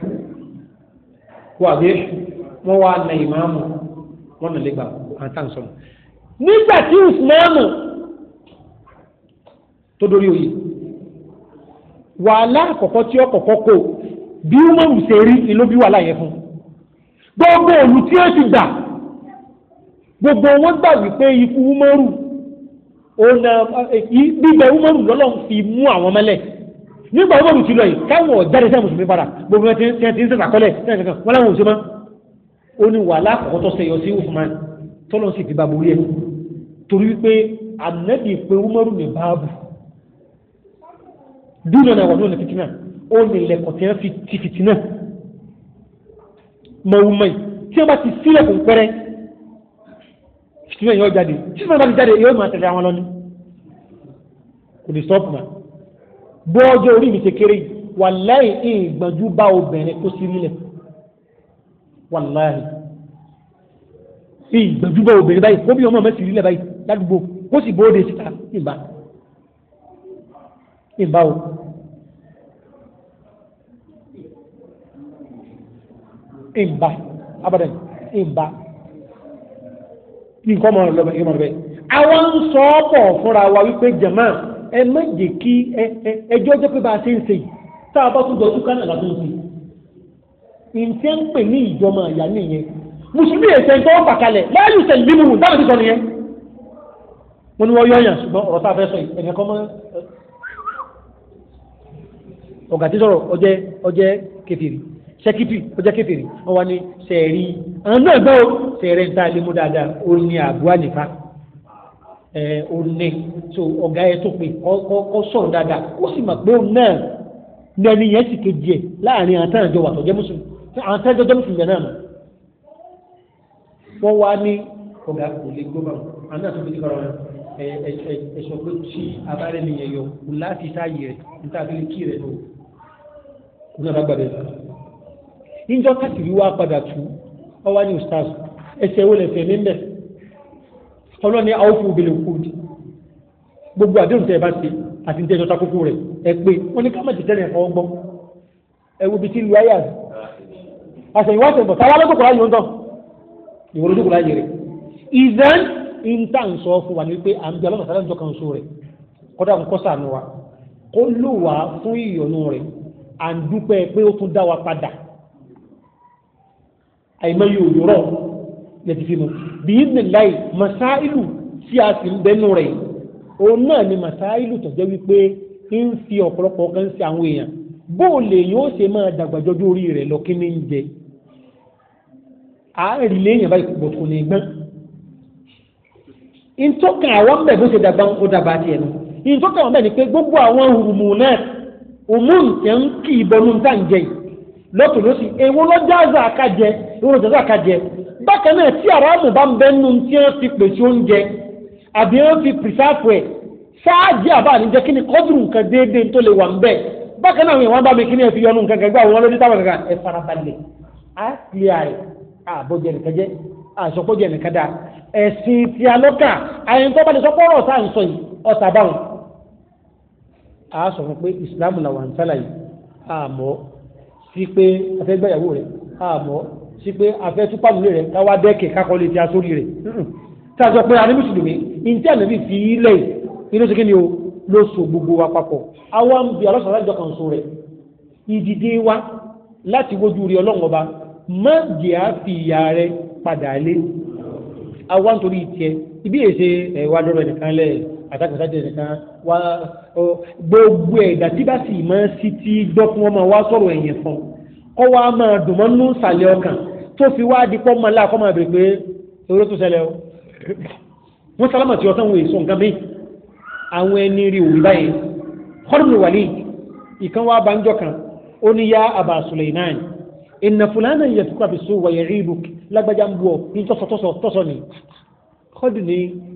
wa wà bí wọn wá na ìmáàmù wọn nà lè gbà àwọn tá à ń sọ̀rọ̀ nígbà tí ìsìláàmù tó dórí oyè wàhálà àkọ́kọ́ tí ọkọ̀ọ̀kọ́ kò bí wọ́n mú ṣe rí ni ló bí wàhálà yẹn fún gbogbo òlù tí ó ti gbà gbogbo wọn gbà wípé ikú umaru ọ̀nà gbígbẹ eh, umaru lọ́lọ́ fi mú àwọn mẹ́lẹ̀ nígbà wọn ti lọ yìí káwọn ọ̀jáde sẹ́yìn mùsùlùmí padà gbogbo ẹni tí ti ń sẹ́sà kọ́lẹ̀ sẹ́yìn kankan wọn làwọn ò ṣe mọ́ ó ní wàhálà àkọ́kọ́ tó sẹ́yọ sí Usman tọ́lọ́ sì ti bá borí ẹ̀ torí wípé ànábì pé Umaru ní báàbù dúró náà wọ́n ní fitinà ó ní lẹ́kọ̀ọ́ tí wọ́n fi ti tí wọ́n bá ti sílẹ̀kùn pẹ́rẹ́ fitinà yóò jáde tí wọ́n bá ti jáde yóò máa tẹ̀lé àwọn lọ́ni kò ní sọ́ọ̀pù máa bí ọjọ́ orí mi ṣe kéré wàláì ìgbàjú bá obìnrin kó sí rí lẹ̀ wàláì ìgbàjú bá obìnrin báyìí kó bí ọmọ mẹ́sì rí lẹ̀ báyìí ládùúgbò kó sì bóde síta ìgbà ìgbà o. ìgbà abadan ìgbà nǹkan ọmọ rẹ lọ́bẹ̀ ìgbà rẹ. àwọn ń sọ ọ́ pọ̀ fúnra wa wípé jẹ̀máà ẹ má jẹ́ kí ẹjọ́ jẹ́ pé bá a ṣe ń ṣe yìí tá a bá tún jọ túká náà látún sí i ǹjẹ́ ń pè ní ìjọmọ àyà nìyẹn mùsùlùmí ẹ̀sẹ̀ ń tọ́wọ́ pàkalẹ̀ láàyè ìṣẹ̀ ìlú mùrù dáhùn sísọ nìyẹn mo ní wọ́n yọ ọyàn ṣùgbọ́n ọ̀rọ̀ tá a fẹ́ sọ yìí ẹ̀yẹ kọ́ mọ́ ọ̀gá tí sọ̀rọ̀ ọjẹ́ ọjẹ́ kẹfìrì sẹ́kítì ọjẹ́ kẹfìrì wọ́n wá ní sẹ̀rí àwọn náà gbọ́ sẹ̀rẹ̀ ń ta ilé mú dáadáa ó ní àbúrò àlìfáà òní tó ọ̀gá ẹ tó pè ọ sọ̀rọ̀ dáadáa ó sì mọ̀ pé òun náà ní ẹni yẹn sì kejì ẹ̀ láàrin àwọn táwọn ìjọba àtọ̀jẹ́ mùsùlùmí àwọn táwọn ìjọba mùsùlùmí náà mọ̀ wọ́n wá ní ọ̀gá kò lè gbọ́ báwọn àwọn náà tó fi kọ́ra wọn ẹ̀sọ́ pé tí abárẹ́ mi yẹn yọ kò láti sáàyè rẹ̀ níta fi kí rẹ̀ lò kò náà bá gbàdẹ̀ lọ. níjọ́ kásìrí wa padà tú ọ wá ní ustaz ẹsẹ̀ wo lẹ̀ ọlọ́ni àwòfù obìnrin kúrò gbogbo àdéhùn tẹ́ ẹ bá ṣe àti ní tẹ́jọ́ takókó rẹ̀ ẹ pé wọ́n ní kámẹ́tì tẹ́lẹ̀ ẹ̀fọ́ gbọ́ ẹ wo bí ti lu ayé àti àṣẹyìnwá ṣe ń bọ̀ táwa lọ́kọ̀ kọ́ra yóò ń tọ̀ ìwòrò ojú kọ́ra yé rẹ̀ ìzẹ́n ìta ń sọ fún wa ní pé à ń bí ọlọ́mọ sáré ń jọ kan so rẹ̀ kọ́dà ń kọ́ sànù wa kó lò wá fún ìyọnu rẹ̀ à ń dúpẹ́ pé ó tún dá wa padà àìmọye òjò rọ̀ lẹ́tí fi mu biidhnillahi masáìlù tí a sì ń bẹnu o òun náà ni masáìlù tọ̀jẹ́ wípé ń fi ọ̀pọ̀lọpọ̀ kan sí àwọn èèyàn bó lè yóò ṣe máa dàgbàjọ́jú orí rẹ̀ lọ kí ní ń jẹ àárín léèyàn báyìí kò tó ní gbọ́n ìtọ́kàn àwọn bẹ̀ bó ṣe dàgbà ó dàgbà tiẹ̀ nù ìtọ́kàn àwọn bẹ̀ ni pé gbogbo àwọn hùrùmù náà òmùntẹ́ ń kì í bọnú táǹjẹ́ yìí lọ́tò ló sì èwo lọ́jà àzàkájẹ èwo lọ́jà àzàkájẹ bákan náà tí aráàmù bá ń bẹ́ nù tí wọ́n fi pèsè oúnjẹ àbí wọ́n fi pìrìsáàfù ẹ̀ sáájì àbá àníjẹ́ kí ni kọ́dùrù nǹkan déédéé tó lè wà ń bẹ̀ bákan náà àwọn bá mi kí ni ẹ fi yọnu nǹkan kan gbà wọn lórí táwọn kankan ẹ farabalẹ̀ á kiri àrẹ àbójẹ nìkan jẹ àṣọpọ̀jẹ nìkan dáa ẹ̀sìn ti alọ́kà àyẹn tó bá lè sọpọ̀ ọ̀rọ̀ sáà ń sọ yìí ọ̀sà báwọn. a sọ fún pé ìsìlámù làwọn àǹtálà yìí sí pé afẹ́gbẹ́yàwó rẹ̀ àmọ́ sí pé afẹ́ túpàmùlé rẹ̀ káwá dẹ́kẹ̀ kákọ́lé ti asórí rẹ̀ tàbí pé àní mùsùlùmí ìntí ànábì fi ilẹ̀ inú sókè ni o ló so gbogbo wa papọ̀ àwa ń bi alọ́sàn alájọ kan so rẹ̀ ìdìde wa láti wojú rí ọlọ́run ọba má jẹ́ à fi ìyá rẹ padà lé àwa ń torí tiẹ̀ ibi èsè ẹ̀ wá dọ́rọ̀ ẹ̀nìkan lẹ́yìn àtàkùnsájẹ nìkan wá gbogbo ẹ̀dá tí bá sì máa sí ti gbọ́ kí wọ́n máa wá sọ̀rọ̀ ẹ̀yìn fún kọ́ wá máa dùn mọ́ nú sàlẹ̀ ọkàn tó fi wá di pọ́ máa láàkọ́ máa bèrè pé ewúro tó ṣẹlẹ̀ o wọ́n sálámà tí ọ̀sán wòye sọ nǹkan mi àwọn ẹni rí òwì báyìí kọ́dùnmù wàlí ìkan wá banjọ kan ó ní yá àbà Suleiman ìnà fúlànà yẹ tukọ̀ àbísù wàyẹ̀ rí ibùk lágbájá ń bu ọ ní tọ́sọ̀tọ́sọ̀ tọ́sọ̀ ni kọ́dùnmù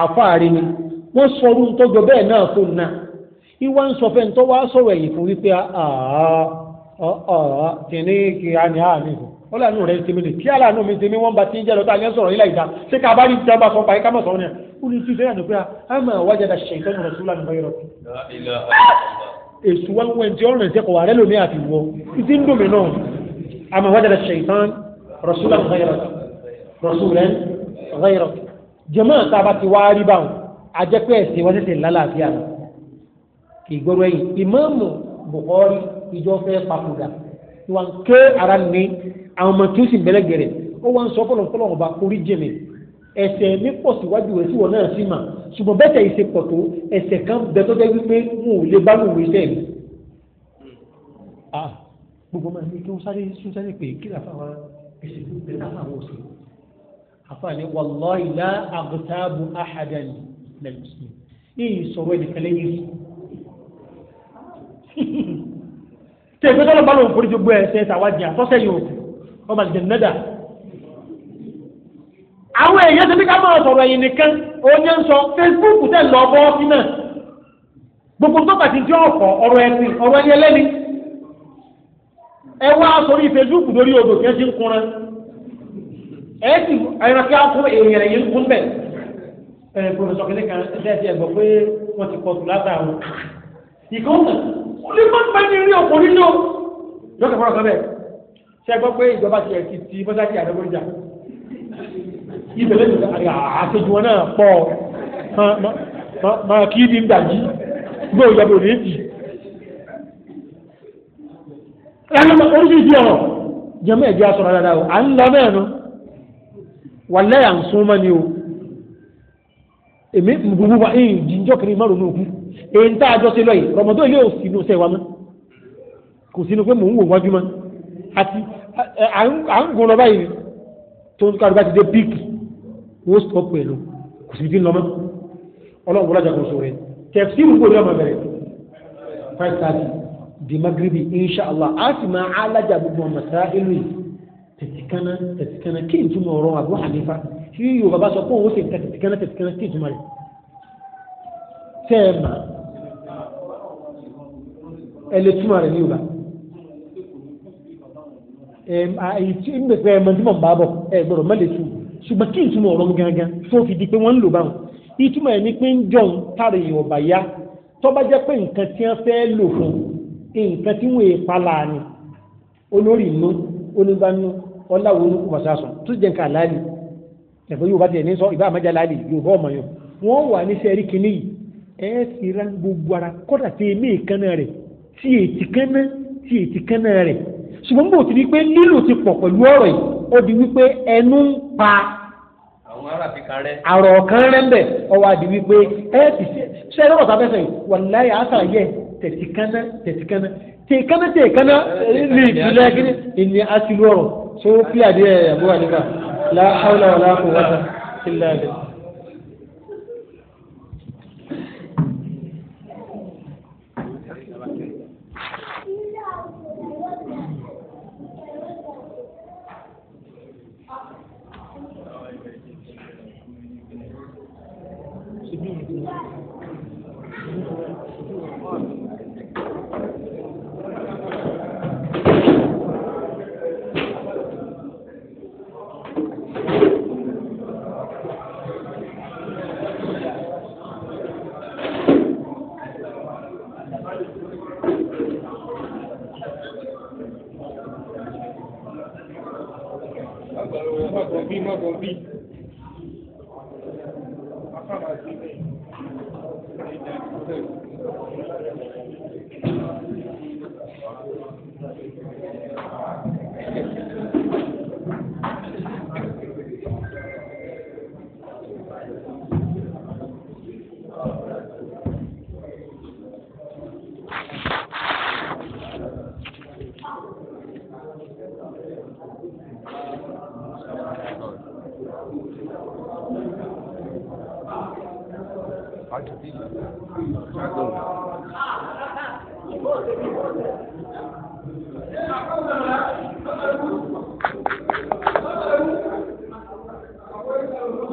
àfáàrí ni wọ́n sọ orú tó jọ bẹ́ẹ̀ náà fún un náà ìwà ń sọ fẹ́ tó wá sọ̀rọ̀ ẹ̀yìn fún wípé kìnní kìí àní àní fún ó lànà rẹ̀ ti mi lè kí àlànà mi ti mi wọ́n bá ti ń jẹ́ lọ́tà ní sọ̀rọ̀ nílà ìdá ṣé ká bá rí ti ọba sọ̀rọ̀ pàyíká mọ̀ sọ̀rọ̀ ni ó ní ti jẹmọ́ tá a bá ti wá rí báwọn ajẹ́pẹ́ ẹ̀sìn wọn tètè lálàáfíà rẹ̀ kì í gbọ́dọ̀ yìí ìmáàmù Bukhari ìjọ fẹ́ papòdà wọn ké ara ní àwọn ọmọ tí ó sì bẹ̀rẹ̀ gẹ̀rẹ̀ ó wá ń sọ fọlọ́n fọlọ́n ọba orí jẹ̀mẹ̀ ẹsẹ̀ mi pọ̀ síwájú rẹ̀ síwọ̀ náà sí mà ṣùgbọ́n bẹ́ẹ̀ tẹ̀ ìṣe pọ̀ tó ẹsẹ̀ kan bẹ tó jẹ́ wípé wọn ò lè bá lù wí sẹ́yìn. gbogbo máa ní kí wọ́n sáré sún sáré pé kí làfà wa ẹ̀sìn ló bẹ̀rẹ̀ àwọn òṣèlú àfààní wàlláhi lá àgùtàbù àhàdàn lẹ́mùsùn ní ìsọ̀rọ̀ ẹnìkan lẹ́yìn rí. tí èkó tó lọ bá lòun forí ju gbé ẹsẹ̀ tàwájì àtọ́sẹ̀ yòókù ọmọ àjẹmẹ́dà àwọn èèyàn ti ní ká máa sọ̀rọ̀ ẹ̀yìn nìkan oní ń sọ Facebook tẹ̀ lọ bọ́ sí náà gbogbo tó bàtí jẹ́ ọ̀pọ̀ ọ̀rọ̀ ẹ̀sìn ọ̀rọ̀ ẹni ẹlẹ́ni ẹ wá sórí Facebook lórí odò tí ẹ ẹ̀ẹ́dì ayọ̀nàkí àkún èèyàn ẹ̀yìn kún bẹ̀ ẹ̀ pòfẹ́sọ̀ kìnìún kan ẹ̀ẹ́dì ẹ̀gbọ́ pé wọ́n ti kọ̀tù látà wọn. ìkan mọ̀ ó lè má pẹ́ ní rí ọkùnrin náà lọ́sẹ̀ fọ́nà sọ́bẹ̀ ṣe gbọ́ pé ìjọba ti ẹ̀kí ti mọ́sáàkì àdọ́gbọ́njà ibẹ̀lẹ́ àṣejù wọn náà pọ̀ máa kí ní gbàjí gbé ìjọba òní èjì. ẹnu oríṣiríṣi ọ̀rọ̀ jẹ́mọ́ ẹ̀jẹ̀ aṣọ wàlẹ́ à ń sún mọ́ ni o èmi gbogbo wa ẹ̀yìn jíjọ́ kiri má ronú òkú èyí ń tá a jọ ṣe lọ yìí rọmọdún ilé òsì inú sẹ́wà mọ́ kò sínú pé mò ń wò wájú mọ́ àti à ń gun lọ báyìí tó ń kárí bá ti dé píìkì wọ́n stop pẹ̀lú kò sí ti ń lọ mọ́ ọlọ́run wọlájà kò sọ rẹ̀ tẹ̀sí ìwúgbò ní ọmọ bẹ̀rẹ̀ five thirty di magribi insha allah a sì máa alájà gbogbo ọmọ sáà ìlú tẹ̀síkánná tẹ̀síkánná kí n túmọ̀ ọ̀rọ̀ Abu Hanifa tí Yorùbá bá sọ pé òun ó sì ń ka tẹ̀síkánná tẹ̀síkánná kí n túmọ̀ rẹ̀ tẹ́ ẹ mà ẹ lè túmọ̀ rẹ̀ ní Yorùbá ẹ ń bẹ̀rẹ̀ ẹ mọ̀ tí mò ń bá bọ̀ ẹ gbọ́dọ̀ má lè tu ṣùgbọ́n kí n túmọ̀ ọ̀rọ̀ gangan tó fi di pé wọ́n ń lò báwọn ìtumọ̀ ẹ̀ ní pé ń jọun tàrí Yorùbá yá tó jẹ́ pé nǹkan tí wọ́n fẹ́ lò fún nǹkan tí wọ́n èèpá láàánú olórí inú onígbànú ọlá wo ló kú màsá sùn tó jẹ́ nǹkan àlàálì ẹ̀fọ́ yóò bá tiẹ̀ ní sọ ìbá àmàjà àlàálì yóò bọ́ ọmọ yàn wọ́n wà ní sẹ́rí kínní yìí ẹ̀ sì ra gbogbo ara kọ́dà tí èmi ìkànnà rẹ̀ tí ètì kánná tí ètì kánná rẹ̀ ṣùgbọ́n bó ti di pé lílò ti pọ̀ pẹ̀lú ọ̀rọ̀ yìí ó di wípé ẹnu ń pa àrọ̀ kan rẹ̀ ń bẹ̀ ọwọ́ àdì wípé ẹ̀ ti ṣe ẹ̀rọ ọ̀tá fẹ́sẹ̀ yìí wàláyé àtàyẹ̀ tẹ̀síkánná شوف لا دي لا حول ولا قوة إلا بالله